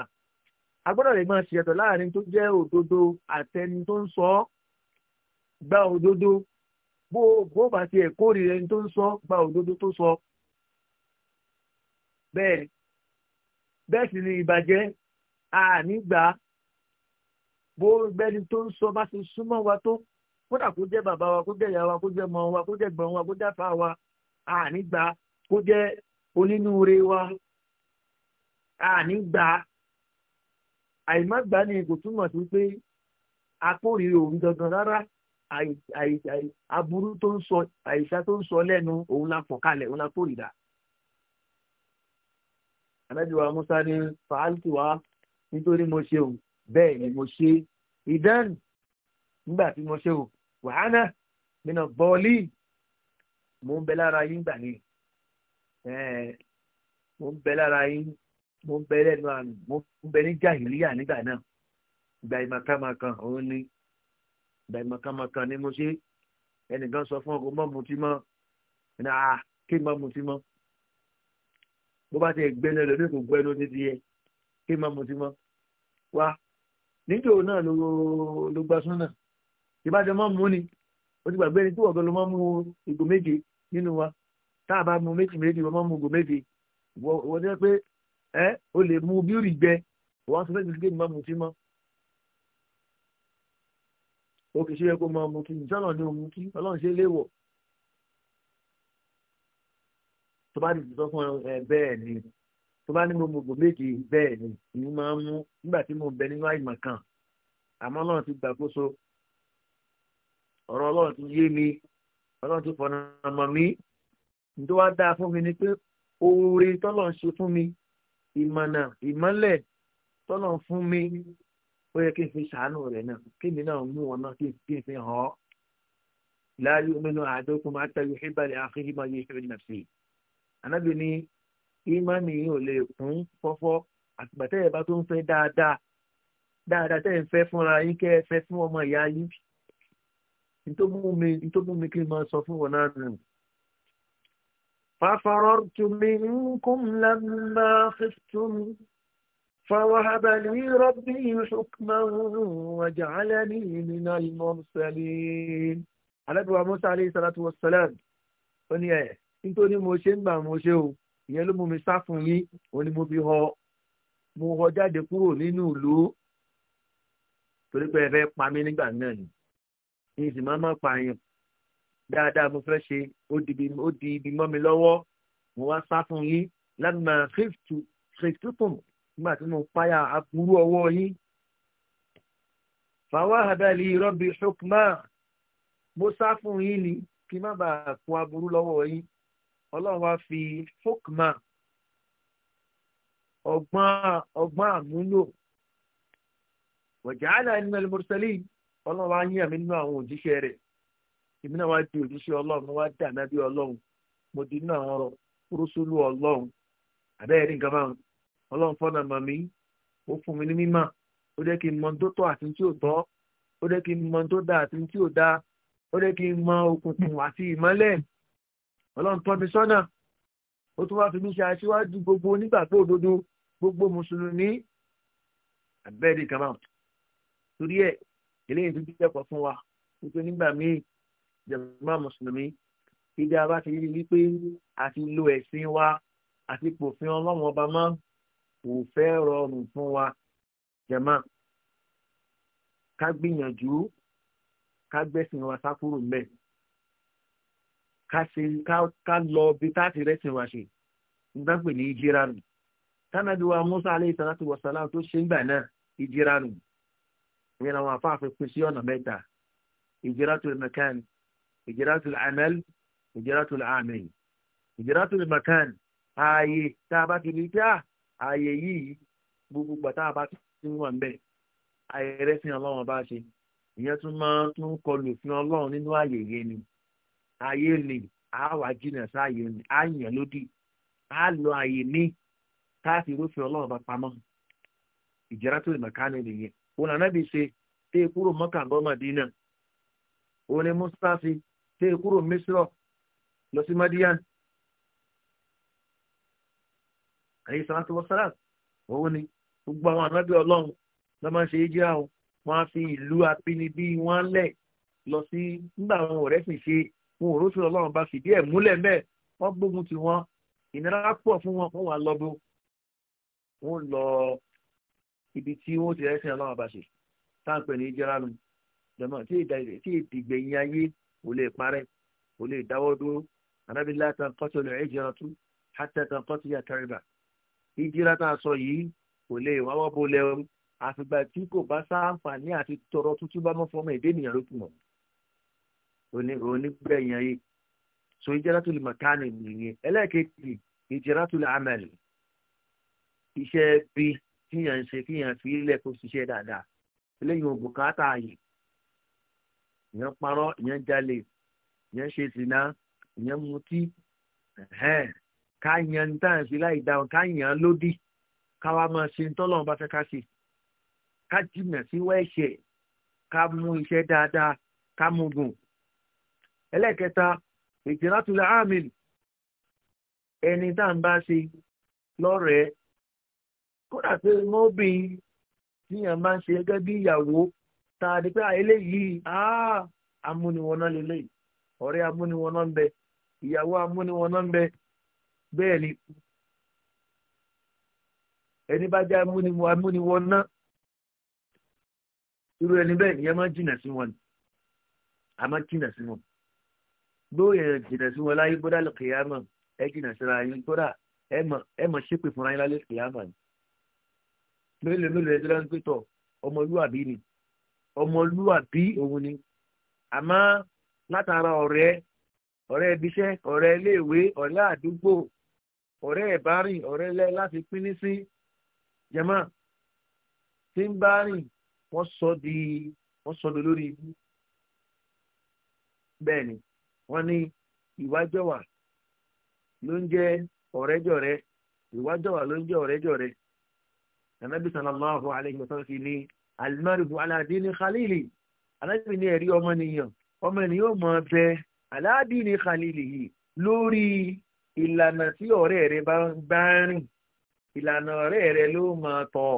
a gbọ́dọ̀ lè máa ṣèyàtọ̀ láàrin tó jẹ́ òdodo àtẹni tó ń sọ ọ́ gba òdodo bó bó bá ti ẹ̀ kórìíra ẹni tó ń sọ gba òdodo tó sọ bẹ́ẹ̀ bẹ́ẹ̀ sì ni ìbàjẹ́ ànígbà bó gbẹ́ni tó ń sọ bá ti súnmọ́ wa tó kódà kó jẹ́ bàbá wa kó jẹ́ ìyá wa kó jẹ́ mọ́ wa kó jẹ́ gbọ̀n wa kó jẹ́ fà wa ànígbà kó jẹ́ onínúure wa àní gbà àìmọ́gbà ni kò túmọ̀ sí pé akórìíra òun gangan rárá aburú tó ń sọ àìsá tó ń sọ lẹ́nu òun la pọ̀ kalẹ̀ òun la kórìíra. anájúwa musa ní fàáltì wá nítorí mo ṣe o bẹ́ẹ̀ ni mo ṣe ìdán nígbà tí mo ṣe o wàhánà nínú bọ́ọ̀lì mo ń bẹ lára yín gbà ní mo ń bẹ lára yín mo ń bẹ lẹ́nu àmì mo ń bẹ ní jàhìlíyà nígbà náà ìgbà ìmọ̀kàmọ̀kan òun ni ìgbà ìmọ̀kàmọ̀kan ni mo ṣe ẹnìkan sọ fún ọkọ mọ́ mutí mọ́ ẹ̀nà à ah, kí mọ́ mutí mọ́ bó bá ti gbẹ́nu ẹlòmí kò gbẹ́nu títí yẹ kí mọ́ mutí mọ́ wá nítorí náà ló ló gbá súnà ìbájọ mọ́ ni o ti gbàgbé ni tí ọ̀gá ló mọ́ mú ìgò méje nínú wa tá a bá mu méjì méjì wọ́n mọ́ mu ìgò méje wọ́n ní pé ẹ o lè mu bíórì gbẹ wọn sọ fẹsẹ gbé máa mutí mọ o kì í ṣe yẹ kó máa mutí ìjọlọ ni o mutí Ọlọ́run ṣe léèwọ̀ tó bá dìbò sọ fún ẹ bẹ́ẹ̀ ni tó bá ní mo mọ̀gbọ̀ méje bẹ́ẹ̀ ni ìyún máa ń mú nígbà tí mo bẹ nínú àìmọ̀ kan àmọ́ Ọlọ́run ti gbàkóso ọ̀rọ̀ Ọlọ́run ti yé mi Ọlọ́run ti fọ̀nà mọ̀ mi nítorí wá dáa fún mi ni pé oore tọ́lọ̀ ń ṣe fún mi ìmọ̀nà ìmọ́lẹ̀ tọ́lọ̀ fún mi ó yẹ kí n fi sàánù rẹ̀ náà kí mi náà mú wọn náà kí n fi hàn ọ́ láàyè omínú àdókùn máa tẹ̀lé ìbàlẹ̀ àfihàn máa yẹ ìṣẹ̀lẹ̀ náà ànábì ní ìmọ̀nì yìí ò lè kún fọ́fọ́ àtìgbàtẹ́ ẹ̀ bá tó ń fẹ́ dáadáa dáadáa tẹ́ ń fẹ́ fúnra yín kẹ́ ẹ fẹ́ fún ọmọ ìyá yín nítorí mú mi kí n máa sọ fún wọn náà nù ففررت منكم لما خفتم فوهب لي ربي حكما وجعلني من المرسلين Ànábì wa Mùsá alayhi salatu wa salam ó ní ẹ̀ nítorí mo ṣe ń gbà mo ṣe o ìyẹn ló mú mi sá fún yín ó ní mo fi họ mo họ jáde kúrò nínú ìlú torí pé ẹ fẹ́ pa mí nígbà náà ni ìsìn máa má pa yín dáadáa mo fẹ́ ṣe ó di ibi mọ́ mi lọ́wọ́ mo wá sá fún yín lámà kìrìtìfùn nígbà tí mo páyà aburú ọwọ́ yín. fàwa àbẹ́lì rọ́bì ṣokùnmá mo sá fún yín ni kí má bàa kó aburú lọ́wọ́ yín ọlọ́run wá fi ṣokùnmá ọgbọ́n ọgbọ́n àmúlò wọ̀jà àlàyé nínú ẹlẹ́mọ̀rẹ́sẹ̀lì ọlọ́run wá yín àmì nínú àwọn òjíṣẹ́ rẹ̀ èmi náà wá di òjíṣẹ́ ọlọ́run wá di ànábì ọlọ́run mo di inú àwọn rúṣúlù ọlọ́run àbẹ́rẹ́ ní nǹkan báwọn ọlọ́run fọ́nà mọ̀ mí ó fún mi ní mímọ̀ ó jẹ́ kí n mọ tó tọ́ àti tí ò tọ́ ó jẹ́ kí n mọ tó dáa àti tí ò dáa ó jẹ́ kí n mọ òkùnkùn àti ìmọ́lẹ̀ ọlọ́run tọ́ mi sọ́nà ó tún wá fi mí ṣe aṣíwájú gbogbo onígbàgbọ́ òdodo gbogbo mùsùlùmí àbẹ́rẹ́ ní nǹkan báwọn torí ẹ̀ eléyìí tó dí jàmá mùsùlùmí ibi a bá ti rí wípé àti lo ẹ̀sìn wa àti pòfin ọlọ́run ọba mọ́ kò fẹ́ rọrùn fún wa jàmá ká gbìyànjú ká gbẹ́sìn wa sá kúrò mbẹ́ ká ṣe ká lọ bí táàtì rẹ̀ sìn wa ṣe nígbà pè ní ìjìra nù tánàdúwà Musa alẹ́ ìsàlátì wọ̀sálà tó ṣe ń gbà náà ìjìra nù ìyẹn àwọn afáàfin pín sí ọ̀nà mẹ́ta ìjìra tó lè mẹ́kánì ìjìrátù àmẹ́l ìjìrátù àmì ìjìrátù mẹ́kàn ààyè tá a bá ti rí pé ààyè ah, yìí gbogbo gbà tá a bá ti wà ń bẹ̀ ààyè rẹ̀ fi hàn lọ́wọ́ bá ṣe ìyẹn tún máa tún kọlù fún ọlọ́run nínú ààyè yẹn ni ààyè lè àáwá jìnnà sáàyè ni àyàn lódì á lọ ààyè ní káàfin irúfẹ́ ọlọ́run bá pamọ́ ìjìrátù mẹ́kàn nìyẹn òun àná bí ṣe tẹ́ kúrò mọ́kàndọ́mọ̀dínà òun ni mustapha tẹ́ kúrò mísírọ̀ lọ sí madian àyè sàlátì wọ́sálà òun ni gbogbo àwọn ànábì ọlọ́run lọ́ máa ń ṣe ìjírà o wọ́n á fi ìlú àbínibí wọn lẹ̀ lọ sí nígbà àwọn ọ̀rẹ́ sì ṣe wọn ò rótò ọlọ́run bá fìdí ẹ̀ múlẹ̀ mẹ́ẹ̀ wọ́n gbógun ti wọn ìnira pọ̀ fún wọn wọ́n wà lọ́bọ̀ wọ́n lọ ibi tí wọ́n ti rẹ́sìn ọlọ́run bá ṣe táǹpẹ̀ ní ìjírà nù lọ́mọ tí ìdìgbẹ̀yìn ayé kò lè parẹ́ kò lè dáwọ́ dúró anábìlá tán kọ́tù lè ìjìnà tú hátẹ́ tán kọ́tù yà kẹrìbà ìjìnà tán sọ yìí kò lè wáwọ́ bó lẹ́wọ́ àfìgbà tí kò bá sáǹfààní àti tọrọ tuntun bá mọ́ fọmọ èdè ènìyàn ló kùnà onígbẹ̀yìn ayé so ìjìnà tó lè mọ̀ káàní nìyẹn ẹlẹ́ẹ̀kejì ìjìnà tó lè amẹ́lì iṣẹ́ bí kíyàn ṣe kíyàn fi ilẹ̀ kó ṣiṣẹ́ dáadáa eléyìí ò bùkátà ìyẹn parọ́ ìyẹn jalè ìyẹn ṣe sìnà ìyẹn mutí ká yan ní táyà sí láì dáhùn ká yan lódì káwa máa ṣe tọ́lọ́run bá fẹ́ ká ṣe ká jìnà sí wẹ́ẹ̀ṣẹ̀ ká mú iṣẹ́ dáadáa ká mú gùn. ẹlẹ́ẹ̀kẹta ìjìnlátulẹ̀ amil ẹni tá à ń bá ṣe lọ́rẹ̀ẹ́ kódà pé mọ́bìn tíyàn máa ń ṣe gẹ́gẹ́ bí ìyàwó tá a di pé eléyìí amúniwọ̀nà lélẹ́yìí ọ̀rẹ́ amúniwọ̀nà ń bẹ ìyàwó amúniwọ̀nà ń bẹ bẹ́ẹ̀ ni ẹni bá jẹ́ amúniwọ̀nà irú ẹni bẹ́ẹ̀ ìyẹn máa jìnà sí wọn a máa jìnà sí wọn lóòyè jìnà sí wọn láyé gbọ́dá lè kìí àmọ́ ẹ jìnà síra yín gbọ́dá ẹ mọ̀ ṣépè fúnra yín lálẹ́ kìí àmọ́ mélòó mélòó ẹ ti lọ́n pé tọ̀ ọmọlúwàbí ni ọmọlúwàbí òun ni àmọ́ látara ọ̀rẹ́ ọ̀rẹ́ ibiṣẹ́ ọ̀rẹ́ iléèwé ọ̀rẹ́ àdúgbò ọ̀rẹ́ ìbárìn ọ̀rẹ́ lẹ́ láti pínín sí jẹ́mọ́ tí ń bá rìn wọ́n sọ di wọ́n sọ di lórí ibú bẹ́ẹ̀ ni wọ́n ní ìwájọ́wà ló ń jẹ́ ọ̀rẹ́jọ̀rẹ́ ìwájọ́wà ló ń jẹ́ ọ̀rẹ́jọ̀rẹ́ ànábì sallallahu alaihi wasallam fi ní alimaribu aladini khalili alábì ní ẹ̀rí ọmọnìyàn ọmọnìyàn mọ̀ bẹ aladini khalili yìí lórí ìlànà tí ọ̀rẹ́ rẹ bá ń rìn ìlànà ọ̀rẹ́ rẹ ló máa tọ̀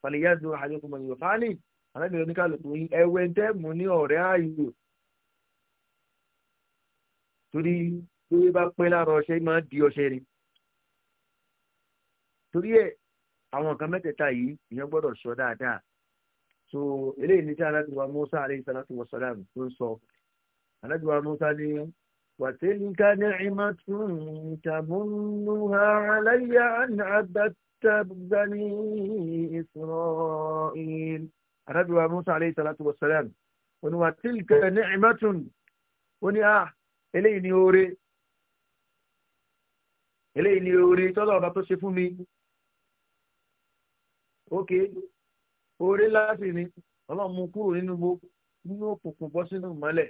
fàlìyàdù àjọkùnmọ̀ yóò fáàlì alábì oníkàlùkù yìí ẹwẹ́ tẹ́mù ní ọ̀rẹ́ ayò torí tó bá pẹ́ lára ọṣẹ máa di ọṣẹ ni torí ẹ̀ àwọn nǹkan mẹ́tẹ̀ẹ̀ta yìí ìyẹn gbọ́dọ̀ sọ dáadáa so eléyìí ní tí anábìwá musa aleyhi salatu wa salam ló ń sọ anábìwá musa ní وتلك نعمة تمنها علي أن عبدت بني إسرائيل النبي موسى عليه الصلاة والسلام ون وتلك نعمة ون آه eléyìí ni oore eléyìí ni oore tọ́lọ̀ ọba tó ṣe fún mi oore láti ní ọlọ́run mú kúrò nínú nínú òkùnkùn bọ́ sínú mọ́lẹ̀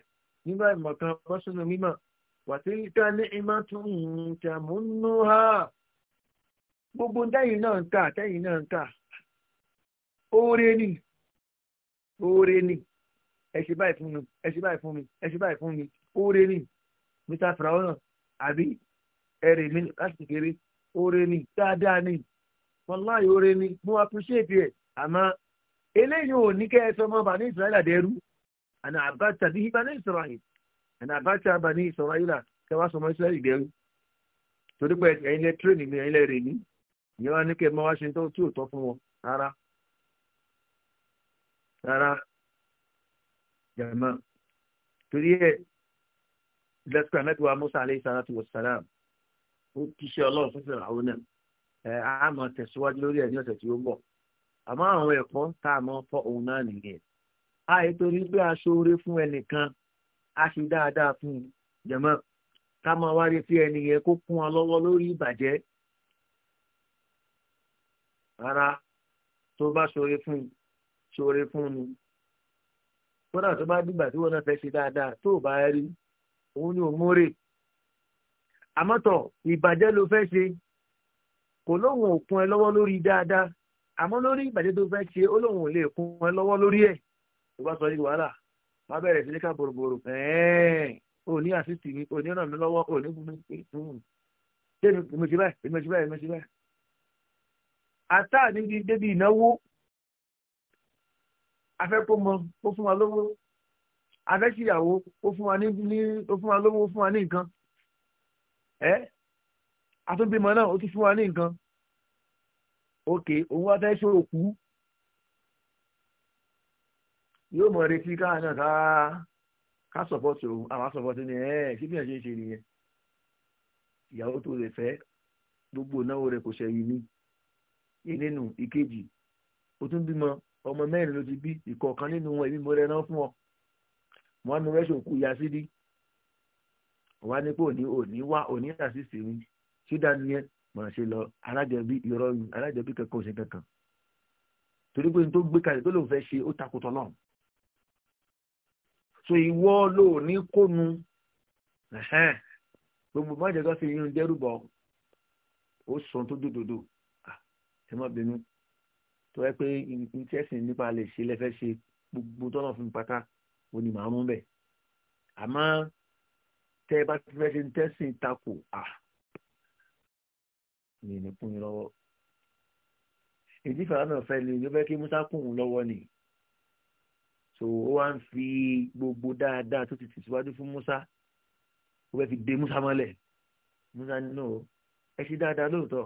bọ́ sínú mímọ̀ ní gbogbo náà ń kà oore ni oore ni ẹ ṣe báyìí fún mi ẹ ṣe báyìí fún oore ni mr fraona àbí ẹrẹ mi láti oore ni dáadáa ni oore ni mo appreciate ẹ àmọ́. eléyìí ò ní kẹ́ ẹ sọ ọmọ bàní ìsirayílà dẹrú àná àbáta bíi bàní ìsirayílà àná àbáta bàní ìsirayílà kẹ́ wá sọ ọmọ ìsirayílà dẹrú torí pé ẹ̀yin lẹ tírénì mi ẹ̀yin lẹ rè mí ìyẹn wá ní kẹ́ ẹ máa wá ṣe tó tí ò tọ́ fún wọn rárá rárá jàmá torí ẹ lẹ́sìkò àmẹ́tò wa Musa aleyhi salatu wa salam ó kí ọlọ́run fún Fìràwọ́ náà ẹ̀ á máa tẹ̀síwájú lórí ẹ̀ ní ọ̀sẹ̀ tí ó ń bọ̀ àmọ́ àwọn ẹ̀kọ́ tá a mọ̀ fọ òun náà nìyẹn àì torí pé a ṣoore fún ẹnìkan a ṣe dáadáa fún un jẹ̀mọ́ ká máa wá retí ẹni yẹn kó kún ọ lọ́wọ́ lórí ìbàjẹ́ rárá tó bá ṣoore fún un ṣoore fún un kódà tó bá dìgbà tí wọn náà fẹ́ ṣe dáadáa tó o bá rí òun ni ò mórè àmọ́tọ̀ ìbàjẹ́ ló fẹ́ ṣe kò lóhùn òkun ẹ lọ́wọ́ lórí dáadáa àmọ́ lórí ìbàjẹ́ tó fẹ́ ṣe ó lóun ò lè kún ẹ lọ́wọ́ lórí ẹ̀ tó bá sọ yìí wàhálà má bẹ̀rẹ̀ sí ní ká bòròbòrò ò ní àsìsì mi ò ní ràn mí lọ́wọ́ ò ní fún mi hmm. ṣé èmi ṣe báyìí èmi ṣe báyìí èmi ṣe báyìí. àtà níbi débi ìnáwó afẹ́kọ́mọ ó fún wa lówó afẹ́ṣìyàwó ó fún wa ní ó fún wa lówó ó fún wa ní nǹkan ẹ́ àtúnbímọ náà ó ti fún wa ní nǹkan òkè òun wá fẹ́ ṣòkú yóò mọ̀ retí káà náà ká ká sọ̀pọ̀tì òun àwọn sọ̀pọ̀tì ni ẹ̀ ṣé bí ẹ̀ ṣe ń ṣe nìyẹn ìyàwó tó lè fẹ́ gbogbo ìnáwó rẹ̀ kò ṣẹ̀yìn ní ìnínú ìkejì ó tún bímọ ọmọ mẹ́rin ló ti bí ìkọ̀ọ̀kan nínú wọn ìbímọ rẹ̀ náà fún ọ wọn nu rẹ̀ ṣòkú ya sídìí wọn á ní pé òní òní wá òní àṣìṣe mi ṣídà nìyẹn mọ̀nà ṣe lọ alájẹbí irọ́ ni alájẹbí kankan ò ṣe kankan torí pé n tó gbé kalẹ̀ tó lòun fẹ́ ṣe ó takùtọ̀ náà so ìwọ ló ní kónu gbogbo má jẹ́gá fi irun dẹ́rùbọ̀ ó sàn tó dòdòdò ẹ má bínú tó yẹ pé ìtẹ́sìn nípa lè ṣe lẹ́fẹ́ ṣe gbogbo tọ́nà fún pátá ó màá mú bẹ̀ àmọ́ tẹ́ bá ti fẹ́ ṣe ìtẹ́sìn takò ah ní ní kún yín lọ́wọ́ ìdí fàrà náà fẹ́ lè ló fẹ́ kí musa kún un lọ́wọ́ ni so ó wá ń fi gbogbo dáadáa tó ti tẹ̀síwájú fún musa ó fẹ́ fi dé musa mọ́lẹ̀ musa nínú ẹ ṣe dáadáa lóòótọ́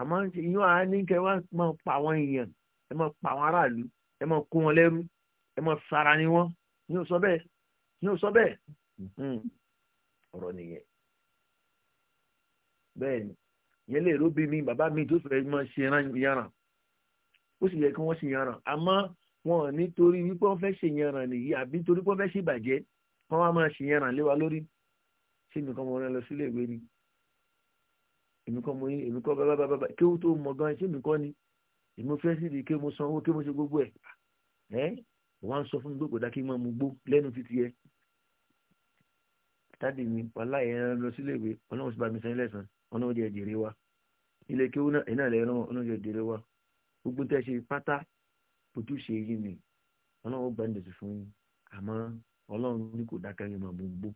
àmọ́ ìyún àá ní kẹ́ wá máa pa àwọn èèyàn ẹ máa pa àwọn aráàlú ẹ máa kó wọn lẹ́rú ẹ máa sara ni wọ́n ní ò sọ bẹ́ẹ̀ ní ò sọ bẹ́ẹ̀ hmm. Hmm. ọ̀rọ̀ nìyẹn bẹ́ẹ̀ yẹn lè róbi mi bàbá mi tó fẹ́ mọ ṣe yaran ó sì yẹ kí wọ́n ṣe yaran àmọ́ wọn nítorí wípé wọ́n fẹ́ ṣe yaran nìyí àbí nítorí wọ́n fẹ́ ṣe ìbàjẹ́ wọ́n wá máa ṣe yaran lé wa lórí ṣé nìkan mo rán lọ sílé ìwé ni èmi kọ́ mo yín èmi kọ́ bàbá bàbá kí ó tó mọ gan ṣé mi ni èmi fẹ́ sí ibi kí mo san owó kí mo ṣe gbogbo ẹ̀ ẹ́ wọ́n á sọ fún mi gbogbo dákí mọ́ mo gbó lẹ́nu títí ẹ tádì wàhálà ẹ̀ lọ sílé ìwé ọlọ́run sì bá mi sẹ́yìn lẹ́sàn-án ọ̀nà oúnjẹ ìdìrí wa ilé kí iná ilẹ̀ ẹran ọ̀nà oúnjẹ ìdìrí wa gbogbo tẹ́ ṣe pátá ojúṣe yìí ni ọlọ́run ó gbàǹdẹ̀sì fún yín àmọ́ ọlọ́run ní kò dákẹ́ yín máa gbogbo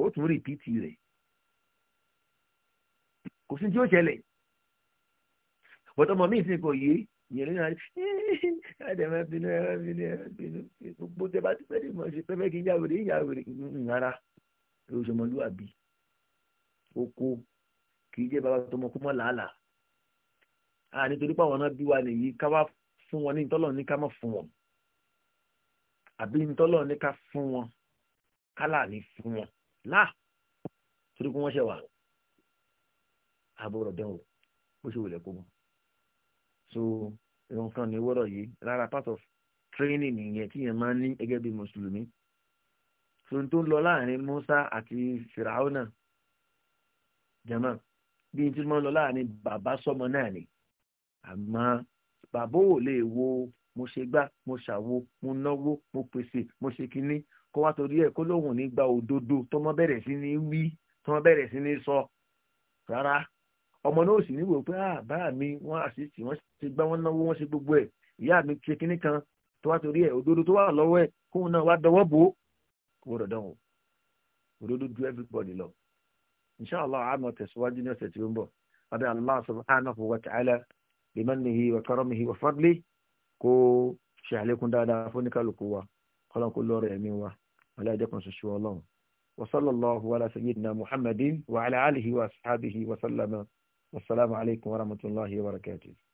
ó tún rìpíìtì rẹ̀ kò sí tí ó ṣẹlẹ̀ bọ́tọ́ mọ̀ míì sí kò yé ìyẹn ló ń rà ẹ̀ ẹ̀ máa bínú ẹ̀ máa bínú ẹ̀ máa bínú gbogbo tẹ́ bá ti fẹ́ dì mọ̀ ṣe fẹ́ fẹ́ kí n yàwèrè yàwèrè rárá ẹ̀ ò ṣọmọlúwàbí ó kì í jẹ́ bàbá tó mọ kó mọ́ làálàá a nítorí pé àwọn náà bí wa nìyí ká wá fún wọn ní ìtọ́lọ̀ ní ká má fún wọn àbí ìtọ́lọ̀ ní ká fún wọn kálà ní fún wọn láà torí pé wọ́n ṣẹ̀ wà àbúrò dánwò bó ṣe wòlẹ̀ kó mọ́ so nǹkan ní wọ́rọ̀ yìí rárá part of training nìyẹn tí yẹn máa ń ní gẹ́gẹ́ bí mùsùlùmí so n tó ń lọ láàrin Musa àti Firaona jama bí n ti máa ń lọ láàrin bàbá sọmọ náà ni àmọ́ bàbá ò lè wo mo ṣe gbá mo ṣàwo mo náwó mo pèsè mo ṣe kinní kó wá torí ẹ̀ kó lóhùn ní gba òdodo tọmọ bẹ̀rẹ̀ sí ní wí tọmọ bẹ̀rẹ̀ sí ní sọ rárá ọmọ náà sì níwò pé ah mi wọ́n àṣìṣì wọ́n ṣe gbá wọ́n náwó wọ́n ṣe gbogbo ẹ̀ ìyá mi ṣe kinní kan tó wá torí ẹ̀ òdodo tó wà lọ́wọ́ ẹ̀ kóhun náà wá dọwọ́ bò ó kó gbọ́dọ̀ dánwò òdodo ju everybody lọ inshallah àmọ́ tẹ̀síwájú ní ọ̀sẹ̀ tí ó ń bọ̀ ọdẹ Allah subhanahu wa ta'ala bimanihi wa karamihi wa fadli kó ṣe àlékún dáadáa fún oníkálukú wa kọ́lọ́n kó lọ́rọ̀ ẹ̀mí wa ọlọ́ọ̀dẹ́kùn ṣoṣo ọlọ́run wa sallallahu ala sayyidina muhammadin wa ala alihi wa ashabihi wa sallama wasalaamu alaykum wa rahmatulahi wa barakatuh.